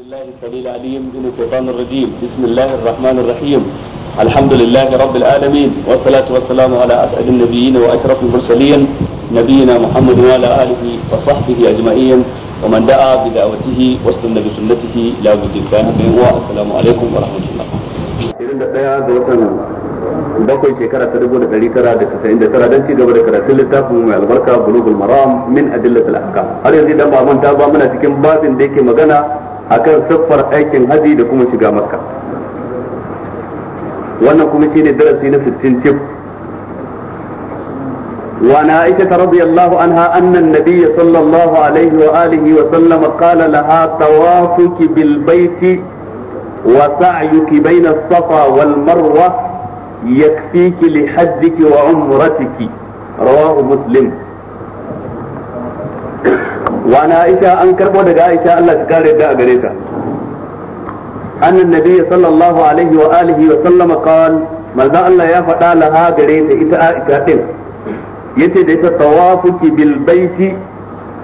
بالله السميع العليم من الشيطان الرجيم بسم الله الرحمن الرحيم الحمد لله رب العالمين والصلاة والسلام على أسعد النبيين وأشرف المرسلين نبينا محمد وعلى آله وصحبه أجمعين ومن دعا بدعوته واستنى بسنته إلى كان الدين والسلام عليكم ورحمة الله. bakwai shekara ta dubu da ɗari tara da casa'in da tara don ci gaba da karatun littafin mai albarka bulugul maram min adillatul ahkam har yanzu dan ba manta ba muna cikin babin da yake magana akan siffar aikin haji da kuma shiga makka wannan kuma shine darasi na 60 cif وعن عائشة رضي الله عنها أن النبي صلى الله عليه وآله وسلم قال لها طوافك بالبيت وسعيك بين الصفا والمروة يكفيك لحجك وعمرتك رواه مسلم wa aisha an karbo daga aisha Allah ta kare da a gareta ta annan nabi sallallahu alaihi wa alihi wa sallama qal manzo Allah ya faɗa laha gare ta ita aisha din yace da ita tawafuki bil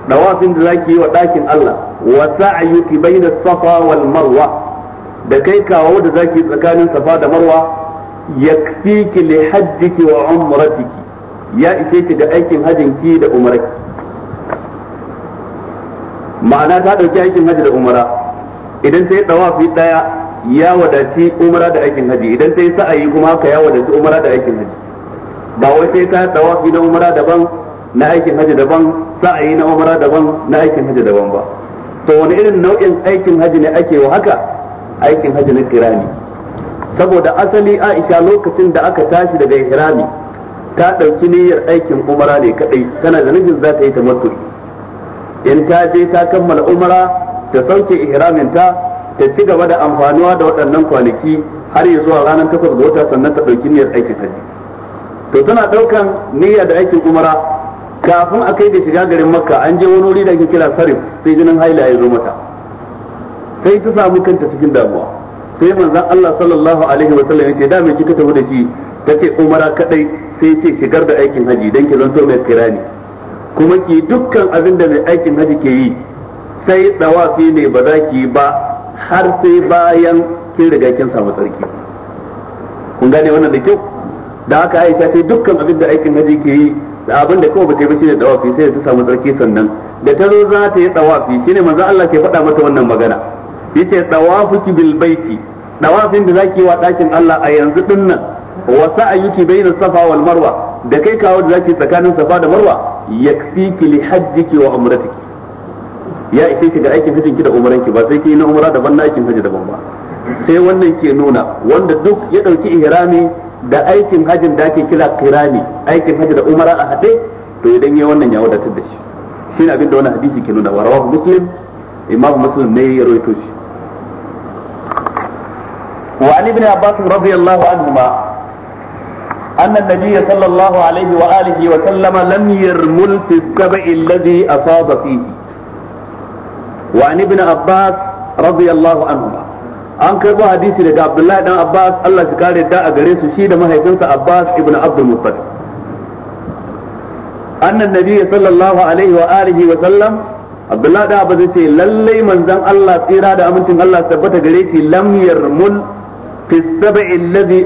dawafin da zaki yi wa ɗakin Allah wa sa'yuki bayna safa wal marwa da kai kawo da zaki yi tsakanin safa da marwa yakfiki li hajjiki wa umratiki ya ishe ki da aikin hajjin ki da umrarki ma'ana ta dauki aikin haji da umara idan ta yi dawafi daya ya wadaci umara da aikin haji idan ta yi sa'ayi kuma haka ya wadaci umara da aikin haji ba wai sai ta ɗawafi na umara daban na aikin haji daban sa'ayi na umara daban na aikin haji daban ba to wani irin nau'in aikin haji ne ake wa haka aikin haji na kirani saboda asali Aisha lokacin da aka tashi daga ihrami ta dauki niyyar aikin umara ne kadai tana da nufin za ta yi tamattu in ta je ta kammala umara ta sauke ihraminta ta ci gaba da amfaniwa da waɗannan kwanaki har yi zuwa ranar takwas ga wata sannan ta ɗauki niyyar aikin haji to tana ɗaukan niyya da aikin umara kafin a kai da shiga garin makka an je wani wuri da ake kira sarif sai jinin haila ya zo mata sai ta samu kanta cikin damuwa sai manzon Allah sallallahu alaihi wa sallam yace da me kika tafi da shi tace umara kadai sai ce shigar da aikin haji dan ki zanto mai kirani kuma ki dukkan abin da mai aikin haji ke yi sai dawafi ne ba za ki yi ba har sai bayan kin riga kin samu tsarki kun gane wannan da kyau da haka Aisha sai dukkan abin da aikin haji ke yi da abin da kawai ba ta yi ba shine dawafi sai ta samu tsarki sannan da ta zo za ta yi dawafi shine manzo Allah ke faɗa mata wannan magana yace dawafuki bil baiti dawafin da zaki wa ɗakin Allah a yanzu dinnan wa sa'ayuki bainas safa wal marwa da kai kawo da zaki tsakanin safa da marwa yakfiki li hajjiki wa umratiki ya ishe ki ga aikin hajjin ki da umran ki ba sai ki na umra daban na aikin hajji daban ba sai wannan ke nuna wanda duk ya dauki ihrami da aikin hajjin da ake kira kirani aikin hajji da umra a hade to idan ya wannan ya wadatar da shi shine abin da wannan hadisi ke nuna wa rawahu muslim imam muslim ne ya rawaito shi وعن ابن عباس رضي الله عنهما أن النبي صلى الله عليه وآله وسلم لم يرمل في السبع الذي أصاب فيه وعن ابن عباس رضي الله عنهما an karbo hadisi daga Abdullahi dan Abbas Allah shi kare da a gare su shi da mahaifinsa Abbas ibn Abdul Muttalib annan nabiyyi sallallahu alaihi wa alihi wa sallam Abdullahi dan Abbas yace lallai manzon Allah tsira da amincin Allah tabbata gare shi lam yarmul fi sab'i alladhi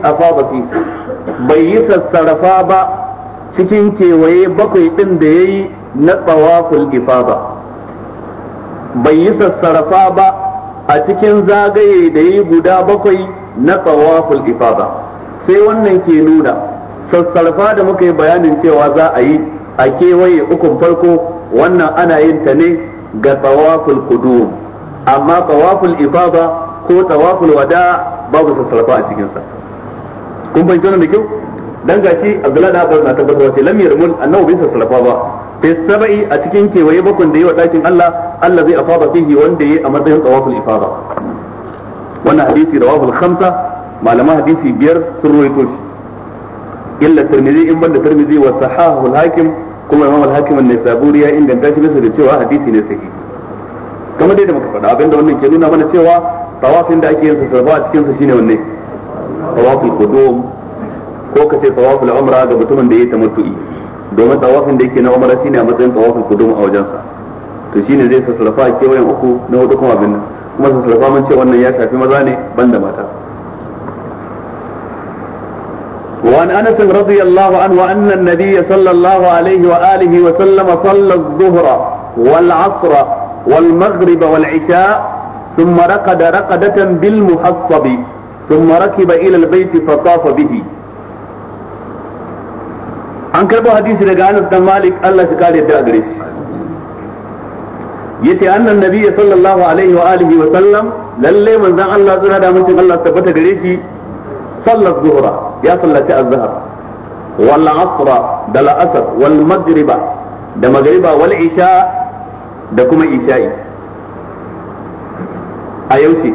bai yi sassarafa ba cikin kewaye bakwai ɗin da ya yi na ifa ba, bai yi sassarafa ba a cikin zagaye da ya yi guda bakwai na ifa ba. sai wannan ke nuna sassarafa da muka yi bayanin cewa za a yi a kewaye ukun farko wannan ana yin ta ne ga tsawaful kudum amma tsawaful ba ko tsawaful wada babu sassarafa a cikinsa kun bai tona da kyau dan gashi Abdullahi da Abbas na tabbatar wace lam yarmul annahu bisa salafa ba fi saba'i a cikin kewaye bakon da yawa dakin Allah Allah zai afada fihi wanda yayi a matsayin tawaful ifada wannan hadisi rawahu al-khamsa malama hadisi biyar sun ruwaito shi illa tirmidhi in banda tirmidhi wa sahahu al-hakim kuma imam al-hakim an-nisaburi ya inganta shi bisa da cewa hadisi ne sahihi kamar dai da muka faɗa abinda wannan ke nuna mana cewa tawafin da ake yin sa sarfa a cikin sa shine wannan tawaful qudum ko kace tawaful umra ga mutumin da yayi tamattu'i domin tawafin da yake na umra shine a matsayin tawaful qudum a wajensa to shine zai sassarfa a kewayen uku na hudu kuma abin nan kuma sassarfa mun ce wannan ya shafi maza ne da mata وعن انس رضي الله عنه ان النبي صلى الله عليه واله وسلم صلى الظهر والعصر والمغرب والعشاء ثم رقد رقدة بالمحصب ثم ركب إلى البيت فطاف به an karɓo hadisi daga Anas dan Malik Allah shi kare ta gare shi yace annan nabiyyi sallallahu alaihi wa alihi wa sallam lalle manzon Allah tsira da mutum Allah tabbata gare shi sallat zuhra ya sallaci azhar wal asra da la asr wal magriba da magriba wal isha da kuma isha'i a yaushe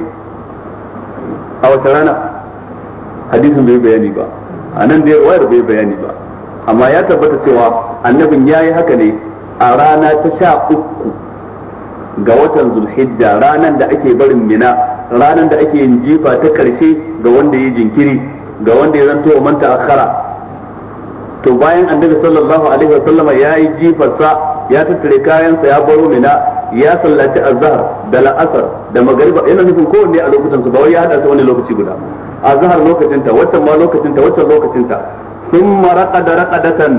a wata rana hadisin bai bayani ba a nan da wayar bai bayani ba amma ya tabbata cewa annabin ya yi haka ne a rana ta sha uku ga watan zulhijja ranar da ake barin mina ranar da ake yin jifa ta karshe ga wanda ya jinkiri ga wanda ya zanto manta akhara to bayan annabi sallallahu alaihi wa sallama ya yi jifarsa ya tattare kayansa ya baro mina ya sallaci azhar da la'asar da magariba yana nufin kowanne a lokutan su ba wai ya hada su wani lokaci guda azhar lokacin ta waccan ma lokacin ta waccan lokacin ta thumma raqada raqadatan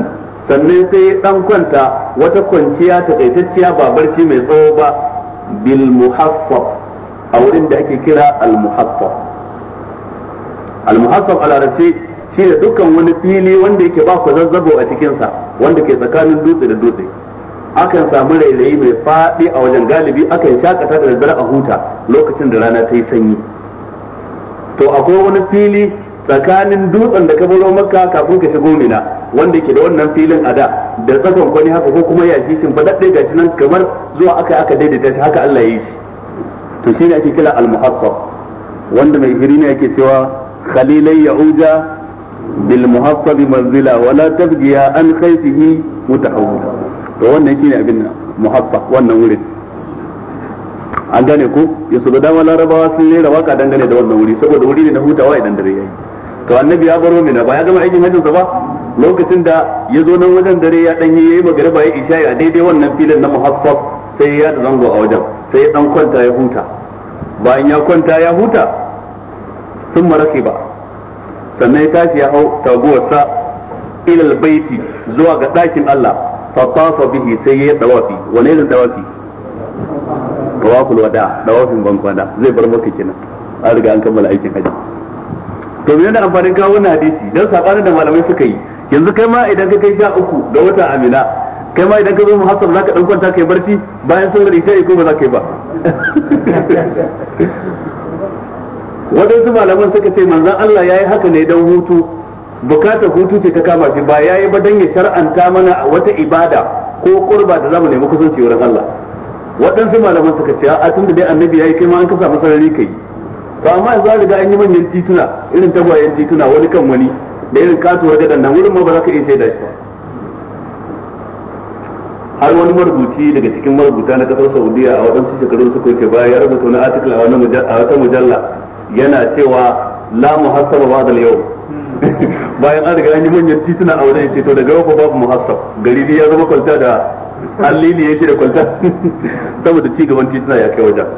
sannan sai dan kwanta wata kwanciya ta takaitacciya ba barci mai tsawo ba bil muhaffaf a wurin da ake kira al muhaffaf al muhaffaf a larabci shine dukkan wani fili wanda yake ba ku zazzabo a cikin sa wanda ke tsakanin dutse da dutse akan samu rairayi mai faɗi a wajen galibi akan shakata da daddare a huta lokacin da rana ta yi sanyi to akwai wani fili tsakanin dutsen da ka baro makka kafin ka shigo mina wanda ke da wannan filin a da da tsakan kwani haka ko kuma yashi shin daɗe gashi nan kamar zuwa aka aka daidaita shi haka Allah ya yi shi to shine ake kira al muhaqqaq wanda mai hiri ne yake cewa khalilai ya'uja bil muhaqqaq manzila wala tabghiya an khaifihi mutahawwila to wannan ne abin muhabba wannan wurin an gane ko ya su da dama larabawa sun rera waka dangane da wannan wuri saboda wuri ne na hutawa idan dare yayi to annabi ya baro mina ba ya gama aikin sa ba lokacin da ya zo nan wajen dare ya danyi yayi magriba ya isha a daidai wannan filin na muhabba sai ya da zango a wajen sai ya dan kwanta ya huta bayan ya kwanta ya huta sun maraki ba sannan ya tashi ya hau taguwarsa ilal baiti zuwa ga ɗakin Allah fa به bihi sai yayi tawafi wani الوداع طواف بنك wada زي bankwana zai bar maka كمل an riga an kammala to me da amfanin kawo wannan hadisi dan sabanin da malamai suka yi yanzu kai ma idan ka kai sha uku da wata amina kai ma idan ka zo muhassab zaka dan kwanta kai barci bayan sallar sai ko ba za ka yi ba wadansu malaman suka ce manzon Allah yayi haka ne dan hutu bukatar hutu ce ta kama shi ba yayi ba dan ya shar'anta mana wata ibada ko kurba da zamu nemi kusanci wurin Allah waɗansu malaman suka ce a tun da dai annabi yayi kai ma an ka samu sarari kai to amma yanzu an riga an yi manyan tituna irin tagwayen tituna wani kan wani da irin da gadan nan wurin ma ba za ka iya shaida shi ba har wani marubuci daga cikin marubuta na kasar saudiya a waɗansu shekaru suka ce baya ya rubuta wani article a wata mujalla yana cewa la muhassaba ba'da yau. bayan an riga an yi manyan tituna a wajen ce to daga yau babu muhassab gari ya zama kwalta da halili yake da kwalta saboda ci gaban tituna ya kai wajen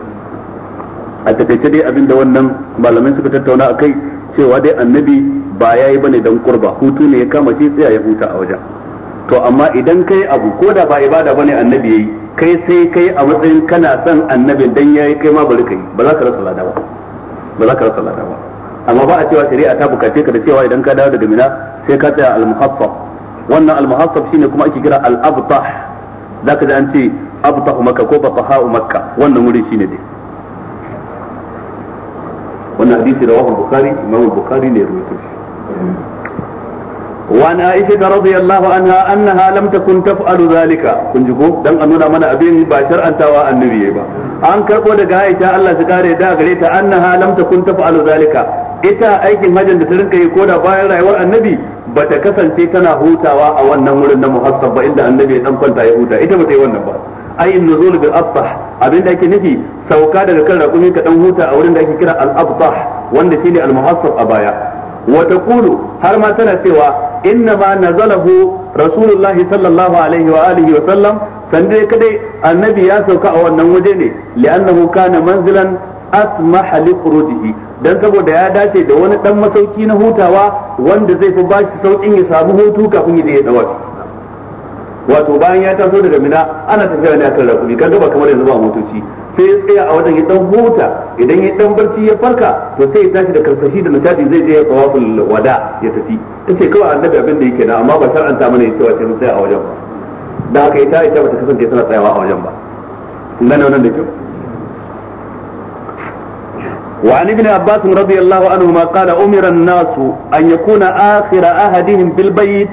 a takaice dai abinda wannan malamai suka tattauna a kai cewa dai annabi ba ya yi bane dan kurba hutu ne ya kama shi tsaya ya huta a wajen to amma idan kai abu ko da ba ibada bane annabi yayi kai sai kai a matsayin kana son annabi dan yayi kai ma bari kai ba za ka rasa lada ba ba za ka rasa lada ba amma ba a cewa shari'a ta bukace ka da cewa idan ka dawo daga mina sai ka tsaya al-muhaffaf wannan al-muhaffaf shine kuma ake kira al-abtah zaka ji an ce abtahu makka ko bataha'u makka wannan wuri shine dai wannan hadisi rawahu bukhari imam bukhari ne rubuta shi وعن عائشة رضي الله عنها أنها لم تكن تفعل ذلك كنجكو دان أنونا من أبين باشر أنت النبي ba an karbo daga Aisha Allah su kare da gare ta annaha lam takun taf'alu zalika ita aikin hajjin da ta rinka yi koda bayan rayuwar annabi ba ta kasance tana hutawa a wannan wurin na muhassab ba inda annabi ya dan kwanta ya huta ita ba ta yi wannan ba ai in nuzul bil abtah abin da ake nufi sauka daga kan rakumi ka dan huta a wurin da ake kira al abtah wanda shine al muhassab a baya wa taqulu har ma tana cewa inna ma nazalahu rasulullahi sallallahu alaihi wa alihi wa sallam sande kadai annabi ya sauka a wannan waje ne li'annahu kana manzilan asmaha li furujihi dan saboda ya dace da wani dan masauki na hutawa wanda zai fi bashi saukin ya samu hutu kafin ya je ya dawo wato bayan ya taso daga mina ana tafiya ne akan rakumi kan gaba kamar yanzu ba motoci sai ya tsaya a wajen ya dan huta idan ya dan barci ya farka to sai ya tashi da karsashi da nishadi zai je ya tawaful wada ya tafi tace kawai annabi abin da yake na amma ba shar'anta mana ya cewa sai mun tsaya a wajen ba da haka ita ita bata kasance tana tsayawa a wajen ba nan nan da kyau وعن ابن عباس رضي الله عنهما قال أمر الناس أن يكون آخر أحدهم بالبيت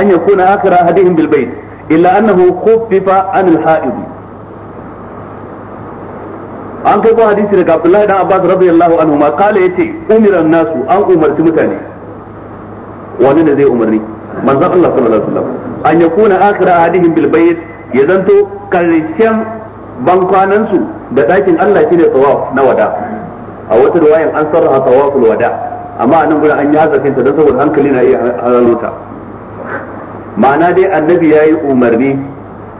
أن يكون آخر أحدهم بالبيت إلا أنه خفف عن الحائض an kai ko hadisi daga Abdullahi dan Abbas radiyallahu anhu ma kale yace umiran nasu an umarci mutane wani da zai umarni manzon Allah sallallahu alaihi wasallam an yakuna akhira ahadihim bil bayt ya zanto karshen ban kwanan su da ɗakin Allah shine tawaf na wada a wata ruwayan an sarrafa tawaful wada amma anan gurin an yi hazafin ta don saboda hankali na iya halalota ma'ana dai annabi ya yi umarni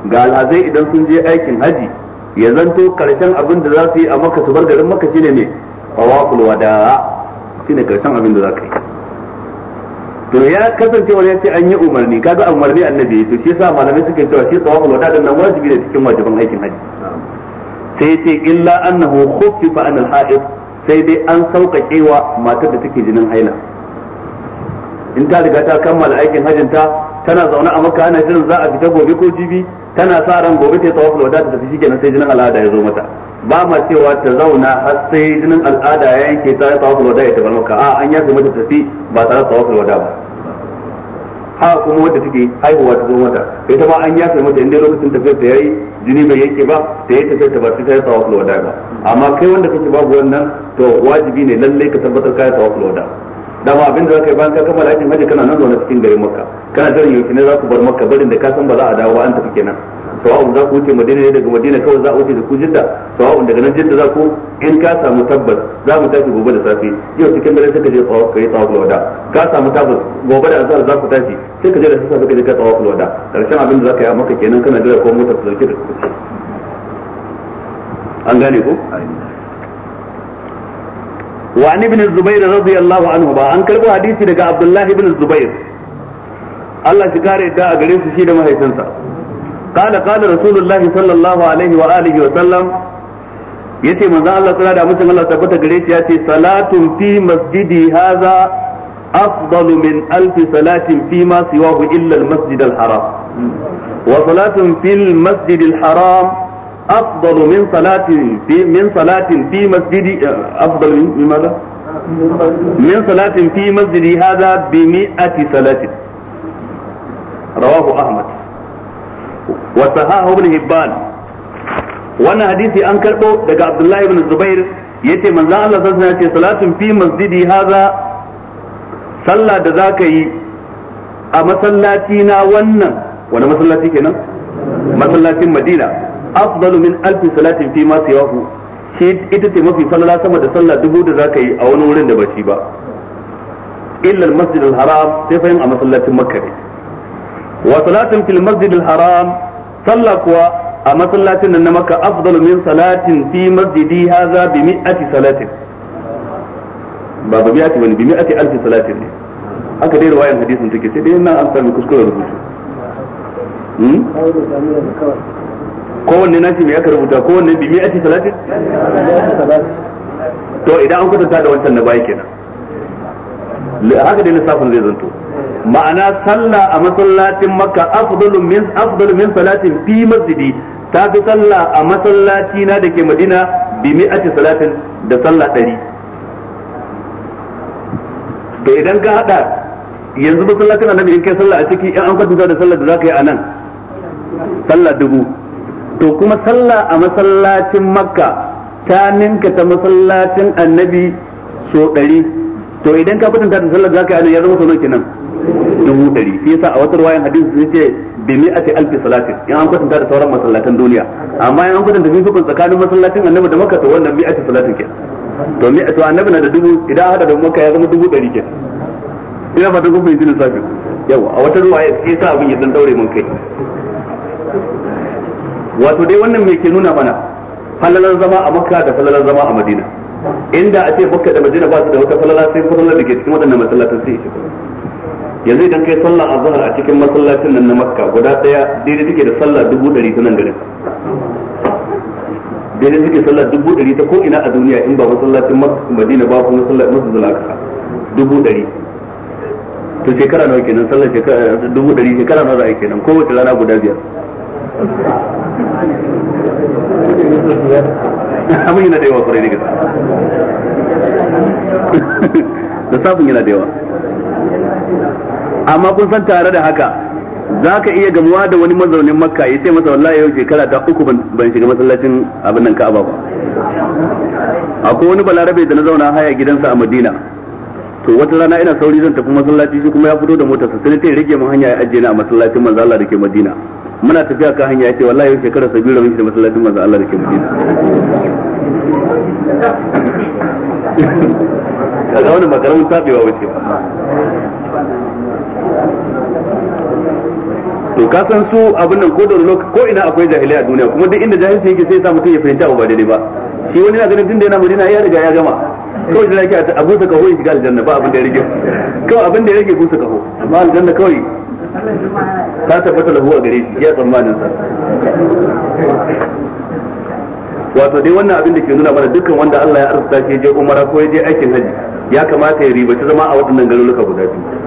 ga al'azai idan sun je aikin haji ya zanto karshen abin da za su yi a maka su bar garin maka shine ne tawaful wada shine karshen abin da za ka yi to ya kasance wani yace an yi umarni kaga umarni annabi to shi yasa malamai suke cewa shi tawaful wada din nan wajibi ne cikin wajiban aikin haji sai ce illa annahu khuffifa an al-ha'id sai dai an sauƙaƙe wa matar da take jinin haila in ta riga ta kammala aikin hajjinta tana zaune a maka ana jiran za a fita gobe ko jibi tana sa ran gobe ta tawaf wada ta tafi shikenan sai jinin al'ada ya zo mata ba ma cewa ta zauna har sai jinin al'ada ya yanke ta tawaf wada ya bar makka a an yafe mata tafi ba tare da tawaf wada ba ha kuma wadda take haihuwa ta zo mata ita ma an yafe mata inda lokacin tafiyar ta yayi jini bai yanke ba da ya ta ba sai yi tawaful wada ba amma kai wanda kake babu wannan to wajibi ne lalle ka tabbatar ka yi tawaful wada dama abin da zaka yi bayan ka kammala aikin hajji kana nan zaune cikin garin makka kana jiran yau ne za ku bar maka barin da ka san ba za a dawo ba an tafi kenan sawa'un za ku wuce madina ne daga madina kawai za a wuce da ku jidda sawa'un daga nan jidda za ku in ka samu tabbas za mu tashi gobe da safe yau cikin dare sai ka je tsawo ka yi tsawo wada ka samu tabbas gobe da azhar za ku tashi sai ka je da safe ka je ka tsawo wada karshen abin da za ka yi a maka kenan kana jira ko mota ku dauke da ku an gane ko وعن ابن الزبير رضي الله ba an كربو حديثي daga عبد الله بن الزبير Allah shi kare ta a gare su shi da mahaifinsa قال قال رسول الله صلى الله عليه وآله وسلم yace manzo Allah tsara da mutum Allah tabbata gare shi yace salatun fi masjidi hadha afdalu min alf salatin fi ma siwahu illa al masjid al haram wa salatun fil masjid al haram afdalu min salatin fi min salatin fi masjidi afdalu min min salatin fi masjidi hadha bi mi'ati salatin rawahu ahmad wa sahahu ibn hibban wannan hadisi an karɓo daga abdullahi ibn zubair yace manzon Allah sallallahu alaihi wasallam salatun fi masjidi haza sallah da zaka yi a masallaci na wannan wani masallaci kenan masallacin Madina afdalu min alfi salatin fi ma siwahu shi ita ce mafi falala sama da sallah dubu da zaka yi a wani wurin da ba shi ba illa al haram sai a masallacin Makka wa salatin fil masjid haram sallah kuwa a masallacin nan na maka afdalu min salatin fi masjidi hadha bi mi'ati salatin ba ba mi'ati wani bi mi'ati alfi salatin ne aka dai riwayan hadisin take sai dai nan an sami kuskure rubutu hmm? kowanne shi me aka rubuta kowanne bi mi'ati salatin to idan an kwatanta da wancan na baya kenan haka dai lissafin zai zanto ma'ana sallah a masallacin makka afdalu min afdalu min salatin fi masjidi ta fi sallah a masallaci na da ke madina bi mi'ati salatin da sallah ɗari to idan ka hada yanzu masallacin annabi in kai sallah a ciki in an kwatanta da sallah da zaka yi a nan sallah dubu to kuma sallah a masallacin makka ta ninka ta masallacin annabi so ɗari to idan ka kwatanta da sallah da zaka yi a nan ya zama sunan kenan dubu ɗari shi yasa a wata ruwayan hadisi sun ce bi mi'ati alfi salatin in an kwatanta da sauran masallatan duniya amma in an kwatanta fifikon tsakanin masallatin annabi da makka to wannan mi'ati salatin ke to mi to annabi na da dubu idan hada da makka ya zama dubu ɗari ke ina fata kun fahimci safi yawa a wata ruwaya shi yasa abin ya dan daure mun kai wato dai wannan me ke nuna mana falalar zama a makka da falalar zama a madina inda a ce makka da madina ba su da wata falala sai falalar da ke cikin waɗannan masallatan sai yanzu idan kai sallah azhar a cikin masallacin nan na makka guda daya daidai take da sallah dubu dari ta nan garin daidai take sallah dubu dari ta ko ina a duniya in ba masallacin madina ba kuma sallah masjidul dubu dari to shekara nawa kenan sallah shekara dubu dari shekara nawa za a kenan kowace rana guda biyar abin yana da yawa kwarai da sabon yana da yawa amma kun san tare da haka za ka iya gamuwa da wani mazaunin makka ya ce masa wallahi yau shekara ta uku ban shiga masallacin abin nan ka'aba ba akwai wani balarabe da na zauna haya gidansa a madina to wata rana ina sauri zan tafi masallaci shi kuma ya fito da motarsa sai ta rage mun hanya ya ajiye na a masallacin manzo Allah dake Madina muna tafiya kan hanya yace wallahi yau shekara sabira mun da masallacin manzo Allah dake Madina kaga wani makaramin tabewa wace to ka san su abin nan ko da lokaci ko ina akwai jahilai a duniya kuma duk inda jahilci yake sai ya sa mutum ya fahimci abu ba daidai ba shi wani na ganin tunda yana madina ya riga ya gama kawai da yake a busa kaho ya shiga aljanna ba abin da ya rage kawai abin da ya rage busa kaho amma aljanna kawai ta tabbata lahu a gare shi ya tsammanin sa wato dai wannan abin da ke nuna mana dukkan wanda Allah ya arzuta shi je umara ko ya je aikin haji ya kamata ya ribaci zama a waɗannan garuruka guda biyu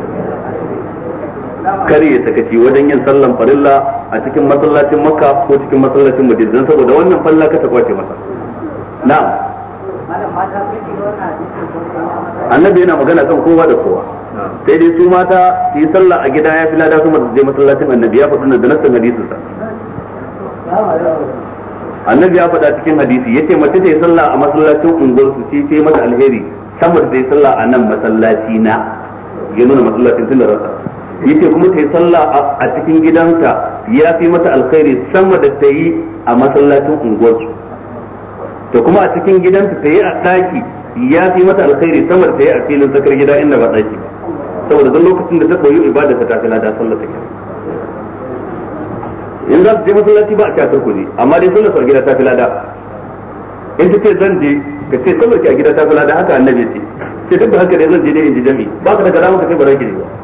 kare ya sakaci wajen yin sallan farilla a cikin masallacin makka ko cikin masallacin madina saboda wannan falla ka ta kwace masa na'am annabi yana magana kan kowa da kowa sai dai su mata su yi sallah a gida ya fi lada su masu je masallacin annabi ya faɗi da nassan hadisin sa annabi ya faɗa cikin hadisi yace mace ta yi sallah a masallacin unguwar su ci yi mata alheri Samar da ta yi sallah a nan masallaci na ya nuna masallacin tun da rasa yace kuma ta yi sallah a cikin gidanta ya fi mata alkhairi sama da ta yi a masallacin unguwarsu to kuma a cikin gidanta ta yi a ɗaki ya fi mata alkhairi sama da ta yi a filin tsakar gida inda ba ɗaki saboda zan lokacin da ta koyi ibada ta tafi lada sallah ta in za su je masallaci ba a ta turkuni amma dai sallah a gida ta fi lada in ta ce zan je ka ce sallah a gida ta fi lada haka annabi ce ce duk da haka dai zan je ne in ji jami'i ba ka da kaza ka ce ba za ki ne ba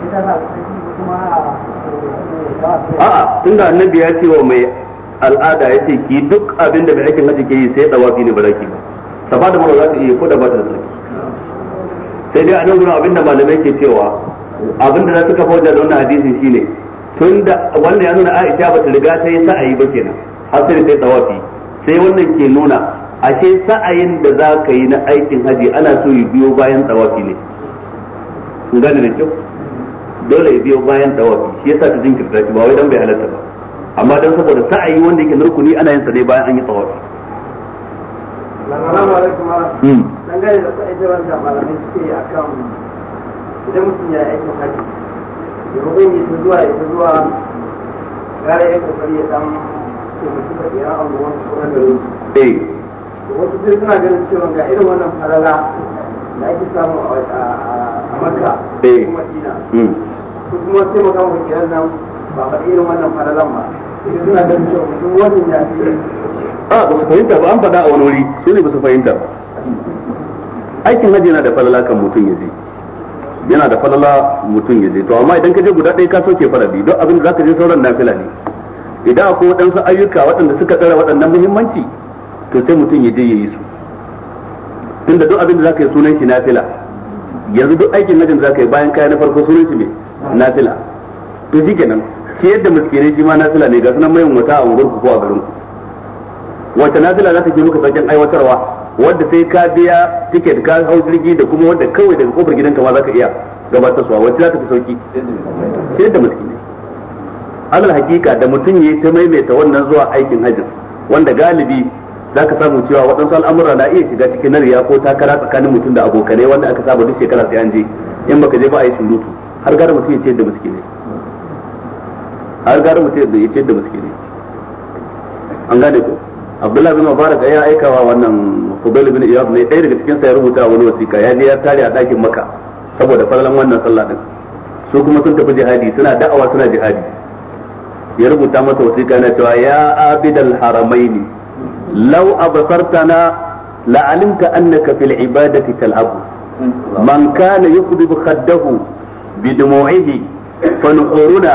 a'a tunda annabi ya ce wa mai al'ada ya ce ki duk abin da mai aikin haji ke yi sai wafi ne baraki ba safa da mara za ta iya ko da ba ta da sai dai a nan abin da malamai ke cewa abin da za su kafa wajen wannan hadisin tun da wannan ya nuna Aisha ba ta riga ta yi sa'ayi ba kenan har sai ta tsawafi sai wannan ke nuna ashe sa'ayin da za ka yi na aikin haji ana so yi biyo bayan tsawafi ne gane da kyau dole ya biyo bayan dawafi shi yasa ta jinkirta shi ba wai dan bai halatta ba amma dan saboda sa ayi wanda yake rukuni ana yin sa ne bayan an yi tawafi Assalamu alaikum hmm. dangane da sa'ayi da malamai suke akan idan mutum ya aikin haji ya rubu ne ta zuwa ya zuwa gara ya kokari ya dan taimaki da ya an ruwan sauran da eh wasu sai suna ganin cewa ga irin wannan falala da ake samu a Makka eh. kuma dina. Hmm. su kuma sai mu nan ba irin wannan ba suna ganin cewa duk ya fi a ba su fahimta ba an faɗa a wani wuri su ne ba su fahimta ba aikin hajji yana da falala kan mutum ya je yana da falala mutum ya je to amma idan ka je guda ɗaya ka soke faradi don abin da zaka je sauran nafila ne idan akwai waɗansu ayyuka waɗanda suka tsara waɗannan muhimmanci to sai mutum ya je ya yi su tunda duk abin da zaka yi sunan shi nafila yanzu duk aikin hajjin da zaka yi bayan kaya na farko sunan shi ne nafila to shi kenan shi yadda miskinai shi ma nafila ne ga sunan mayin wata a wurin ku ko a garin ku wata nafila za ta ke muka sauƙin aiwatarwa wadda sai ka biya tiket ka hau jirgi da kuma wadda kawai daga kofar gidanka ma za ka iya gabatar suwa wacce za ta fi sauki shi yadda miskinai alal hakika da mutum ya ta maimaita wannan zuwa aikin hajjin wanda galibi za ka samu cewa waɗansu al'amura na iya shiga cikin nariya ko takara tsakanin mutum da abokanai wanda aka saba duk shekara sai an je in baka je ba a yi surutu har gara mutum ya ce da ne har gara mutum ya ce da ne an gane ko abdullahi bin mubarak ya aikawa wannan fudal bin iyad ne ɗaya daga cikin sa ya rubuta wani wasiƙa ya je ya tare a ɗakin maka saboda farlan wannan sallah din su kuma sun tafi jihadi suna da'awa suna jihadi ya rubuta masa wasiƙa na cewa ya abidal haramaini law absartana la'alimta annaka fil ibadati tal'abu man kana yuqdibu khaddahu بدموعه فنحورنا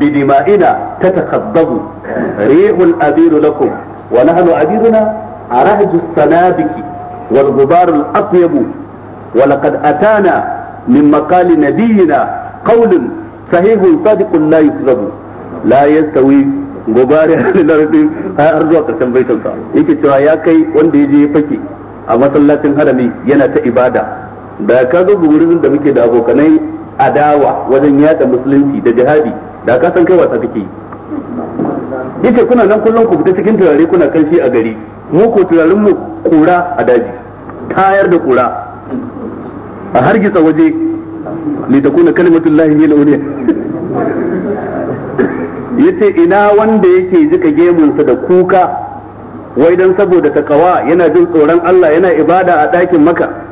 بدمائنا تتخضب ريح الأبير لكم ونحن أبيرنا عرهج السنابك والغبار الأطيب ولقد أتانا من مقال نبينا قول صحيح صادق لا يكذب لا يستوي na lardin har zuwa karshen baitin sa yake cewa ya kai wanda ya je ya fake a masallacin harami yana ta ibada da ka zo gurin da muke da abokanai adawa wajen yada musulunci da jihadi da ka san kai wasa kake yi yace kuna nan kullum ku fita cikin turare kuna kan shi a gari mu ko turarin mu kura a daji tayar da kura a hargitsa waje ta kuna kalimatullahi lahi al-ulya yace ina wanda yake jika gemunsa da kuka wai dan saboda takawa yana jin tsoron Allah yana ibada a ɗakin maka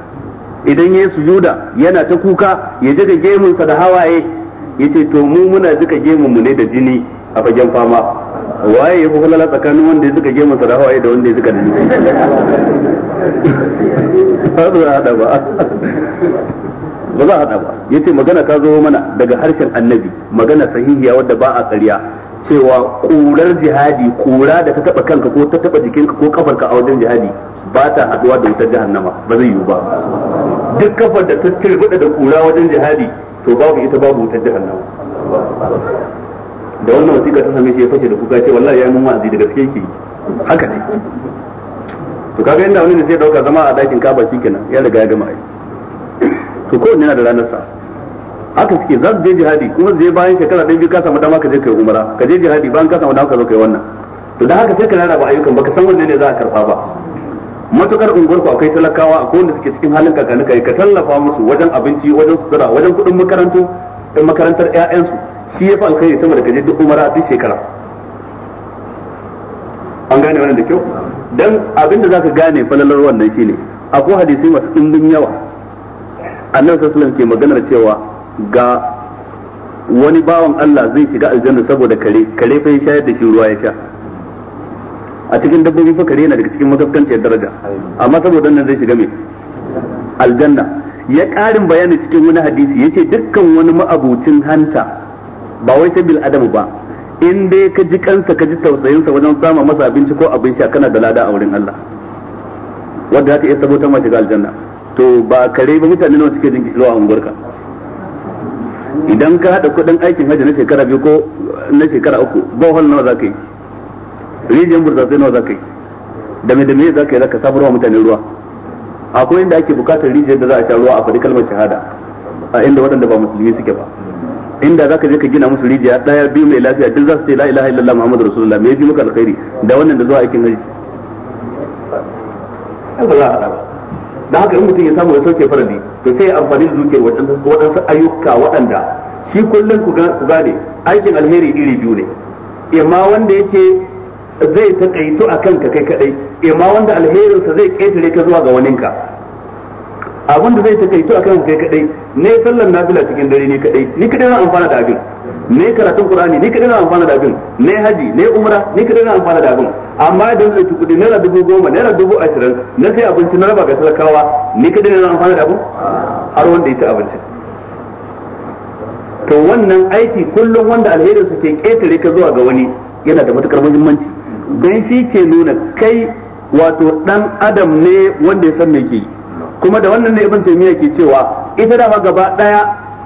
idan Yesu sujuda yana ta kuka ya jiga gemunsa da hawaye yace to mu muna jika gemun mu ne da jini a fagen fama waye ya kuka halala tsakanin wanda ya jika gemunsa da hawaye da wanda ya jika da jini ba za a hada ba ba za a hada ba yace magana ta zo mana daga harshen annabi magana sahihiya wadda ba a tsariya cewa kurar jihadi kura da ta taba kanka ko ta taba jikinka ko kafarka a wajen jihadi ba ta haduwa da wutar jahannama ba zai yiwu ba duk kafar da ta tirbuda da kura wajen jihadi to babu ita babu wutar jahannama da wannan wasiƙa ta same shi ya fashe da kuka ce wallahi ya yi mun wa'azi da gaske yake haka ne to kaga inda wani ne sai dauka zama a dakin kaba shikenan ya riga ya gama ai to kowanne na da ranar sa haka suke za su je jihadi kuma su je bayan shekara ɗaya biyu ka samu dama ka je kai umara ka je jihadi bayan ka samu dama ka zo kai wannan to dan haka sai ka rarraba ayyukan baka san wanne ne za a karfa ba matukar unguwar ku akwai talakawa akwai wanda suke cikin halin kakani kai ka tallafa musu wajen abinci wajen sutura wajen kuɗin makarantu in eh, makarantar ƴaƴansu shi ya yafi alkhairi saboda ka kaje duk umara duk shekara an gane wannan da kyau dan za zaka gane falalar wannan shine akwai hadisi masu dimbin yawa annabi sallallahu alaihi ke maganar cewa ga wani bawan Allah zai shiga aljanna saboda kare kare fa ya shayar da shi ruwa ya sha a cikin dabbobi fa kare yana daga cikin makaskanciyar daraja amma saboda nan zai shiga mai aljanna ya karin bayani cikin wani hadisi yace dukkan wani ma'abucin hanta ba wai sai bil adamu ba in dai ka ji kansa ka ji tausayinsa wajen sama masa abinci ko abin sha kana da lada a wurin Allah wanda za ta iya sabota ma shiga aljanna to ba kare ba mutane nawa suke jin kishirwa a unguwarka idan ka hada kudin aikin hajji na shekara biyu ko na shekara uku ba hol nawa za yi rijiyar sai nawa za ka yi da me da me za ka yi za ka samarwa mutane ruwa akwai inda ake bukatar rijiyar da za a sha ruwa a faɗi kalmar shahada a inda waɗanda ba musulmi suke ba inda zaka je ka gina musu rijiya daya biyu mai lafiya duk za su ce la ilaha illallah muhammadu rasulullah me yafi maka alkhairi da wannan da zuwa aikin haji da haka in mutum ya samu ya sauke faradi to sai amfani da zuke waɗansu ayyuka waɗanda shi kullum ku gane aikin alheri iri biyu ne imma wanda yake zai takaitu a kanka kai kadai imma wanda alherinsa zai ƙetare ka zuwa ga waninka abin da zai takaitu a kanka kai kadai ne sallar nafila cikin dare ni kadai ni kadai na amfana da abin ne karatun qur'ani ni kadai na amfana da abin ne haji ne umra ni kadai na amfana da abin amma idan zai kudi naira dubu goma naira dubu ashirin na sai abinci na raba ga talakawa ni kadai na amfana da abin har wanda ya ci abinci. to wannan aiki kullum wanda alherinsa ke ƙetare ka zuwa ga wani yana da matuƙar muhimmanci don shi ke nuna kai wato dan adam ne wanda ya san me ke kuma da wannan ne ibn taymiya ke cewa ita da gaba daya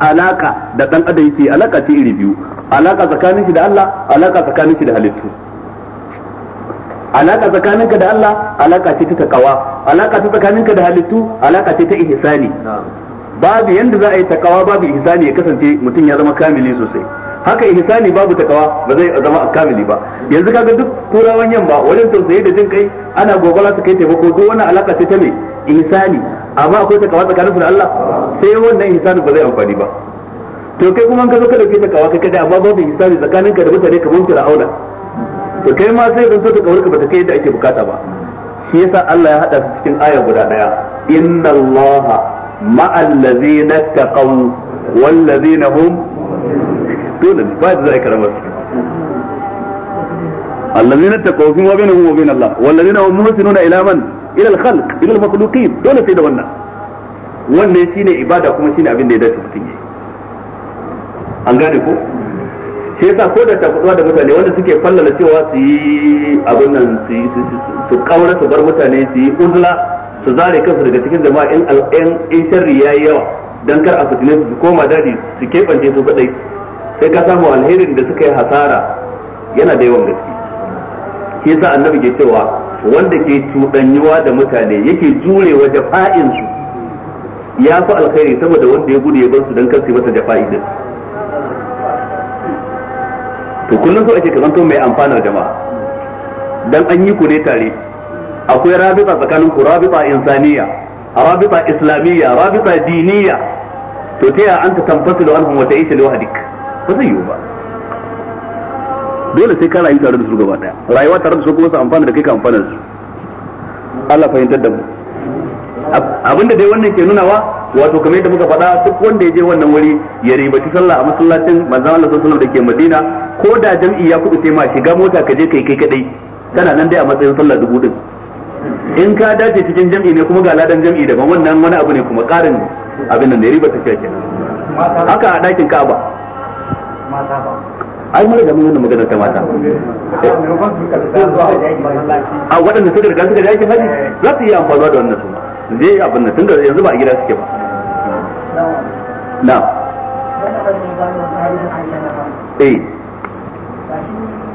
alaka da dan adam yake alaka ce iri biyu alaka tsakanin shi da Allah alaka tsakanin shi da halittu alaka tsakaninka da Allah alaka ce ta takawa alaka ta tsakaninka da halittu alaka ce ta ihsani babu yanda za a yi takawa babu ihsani ya kasance mutum ya zama kamili sosai haka ihsani babu takawa ba zai zama kamili ba yanzu kaga duk turawan yamma wajen tausayi da jin kai ana gogola su kai taimako duk wannan alaka ce ta me ihsani amma akwai takawa tsakanin da Allah sai wannan ihsani ba zai amfani ba to kai kuma ka zo ka dauke takawa kai kada amma babu ihsani tsakaninka da mutane ka tura auna to kai ma sai zanto takawarka ba ta kai yadda ake bukata ba shi yasa Allah ya hada su cikin aya guda daya inna allaha ma'al ladzina taqaw wal ladzina hum dole ba da za a karama su allazina taqaw fi ma bainahum wa bain Allah wallazina hum muhsinuna ila man ila al khalq ila al makhluqin dole sai da wannan wannan shine ibada kuma shine abin da ya dace mutum yi an gane ko sai yasa ko da takuduwa da mutane wanda suke fallala cewa su yi abin nan su yi su kaura su bar mutane su yi uzla su zare kansu daga cikin jama'a in al'ayan in sharri yayi yawa dan kar a fitine su koma daji su kebance su kadai sai ka samu alherin da suka yi hasara yana da yawan gaske shi yasa annabi ke cewa wanda ke cuɗanyuwa da mutane yake jure wa jafa'in su ya fi alkhairi saboda wanda ya gudu ya bar su dan kansu masa jafa'i din to kullum so ake kasanto mai amfanar jama'a dan an yi ku ne tare akwai rabita tsakanin ku rabita insaniya rabita islamiyya rabita diniya to ta yaya anta tanfasilu anhum wa ta'ishu ba zai yiwu ba dole sai ka rayu tare da su gaba daya rayuwa tare da su kuma su amfana da kai ka amfana da su Allah fahimtar da mu Abin da dai wannan ke nunawa wato kamar yadda muka faɗa duk wanda ya je wannan wuri ya ribaci sallah a masallacin manzon Allah sallallahu alaihi da ke Madina ko da jam'i ya sai ma shiga mota ka je kai kai kadai kana nan dai a matsayin sallah dubu din in ka dace cikin jam'i ne kuma ga ladan jam'i daban wannan wani abu ne kuma karin abin nan ne riba ta kenan haka a dakin Ka'aba mata ba ai mai da mun magana ta mata a wadanda suka riga suka yake haji za su yi amfani da wannan suna zai abin nan tunda yanzu ba a gida suke ba na eh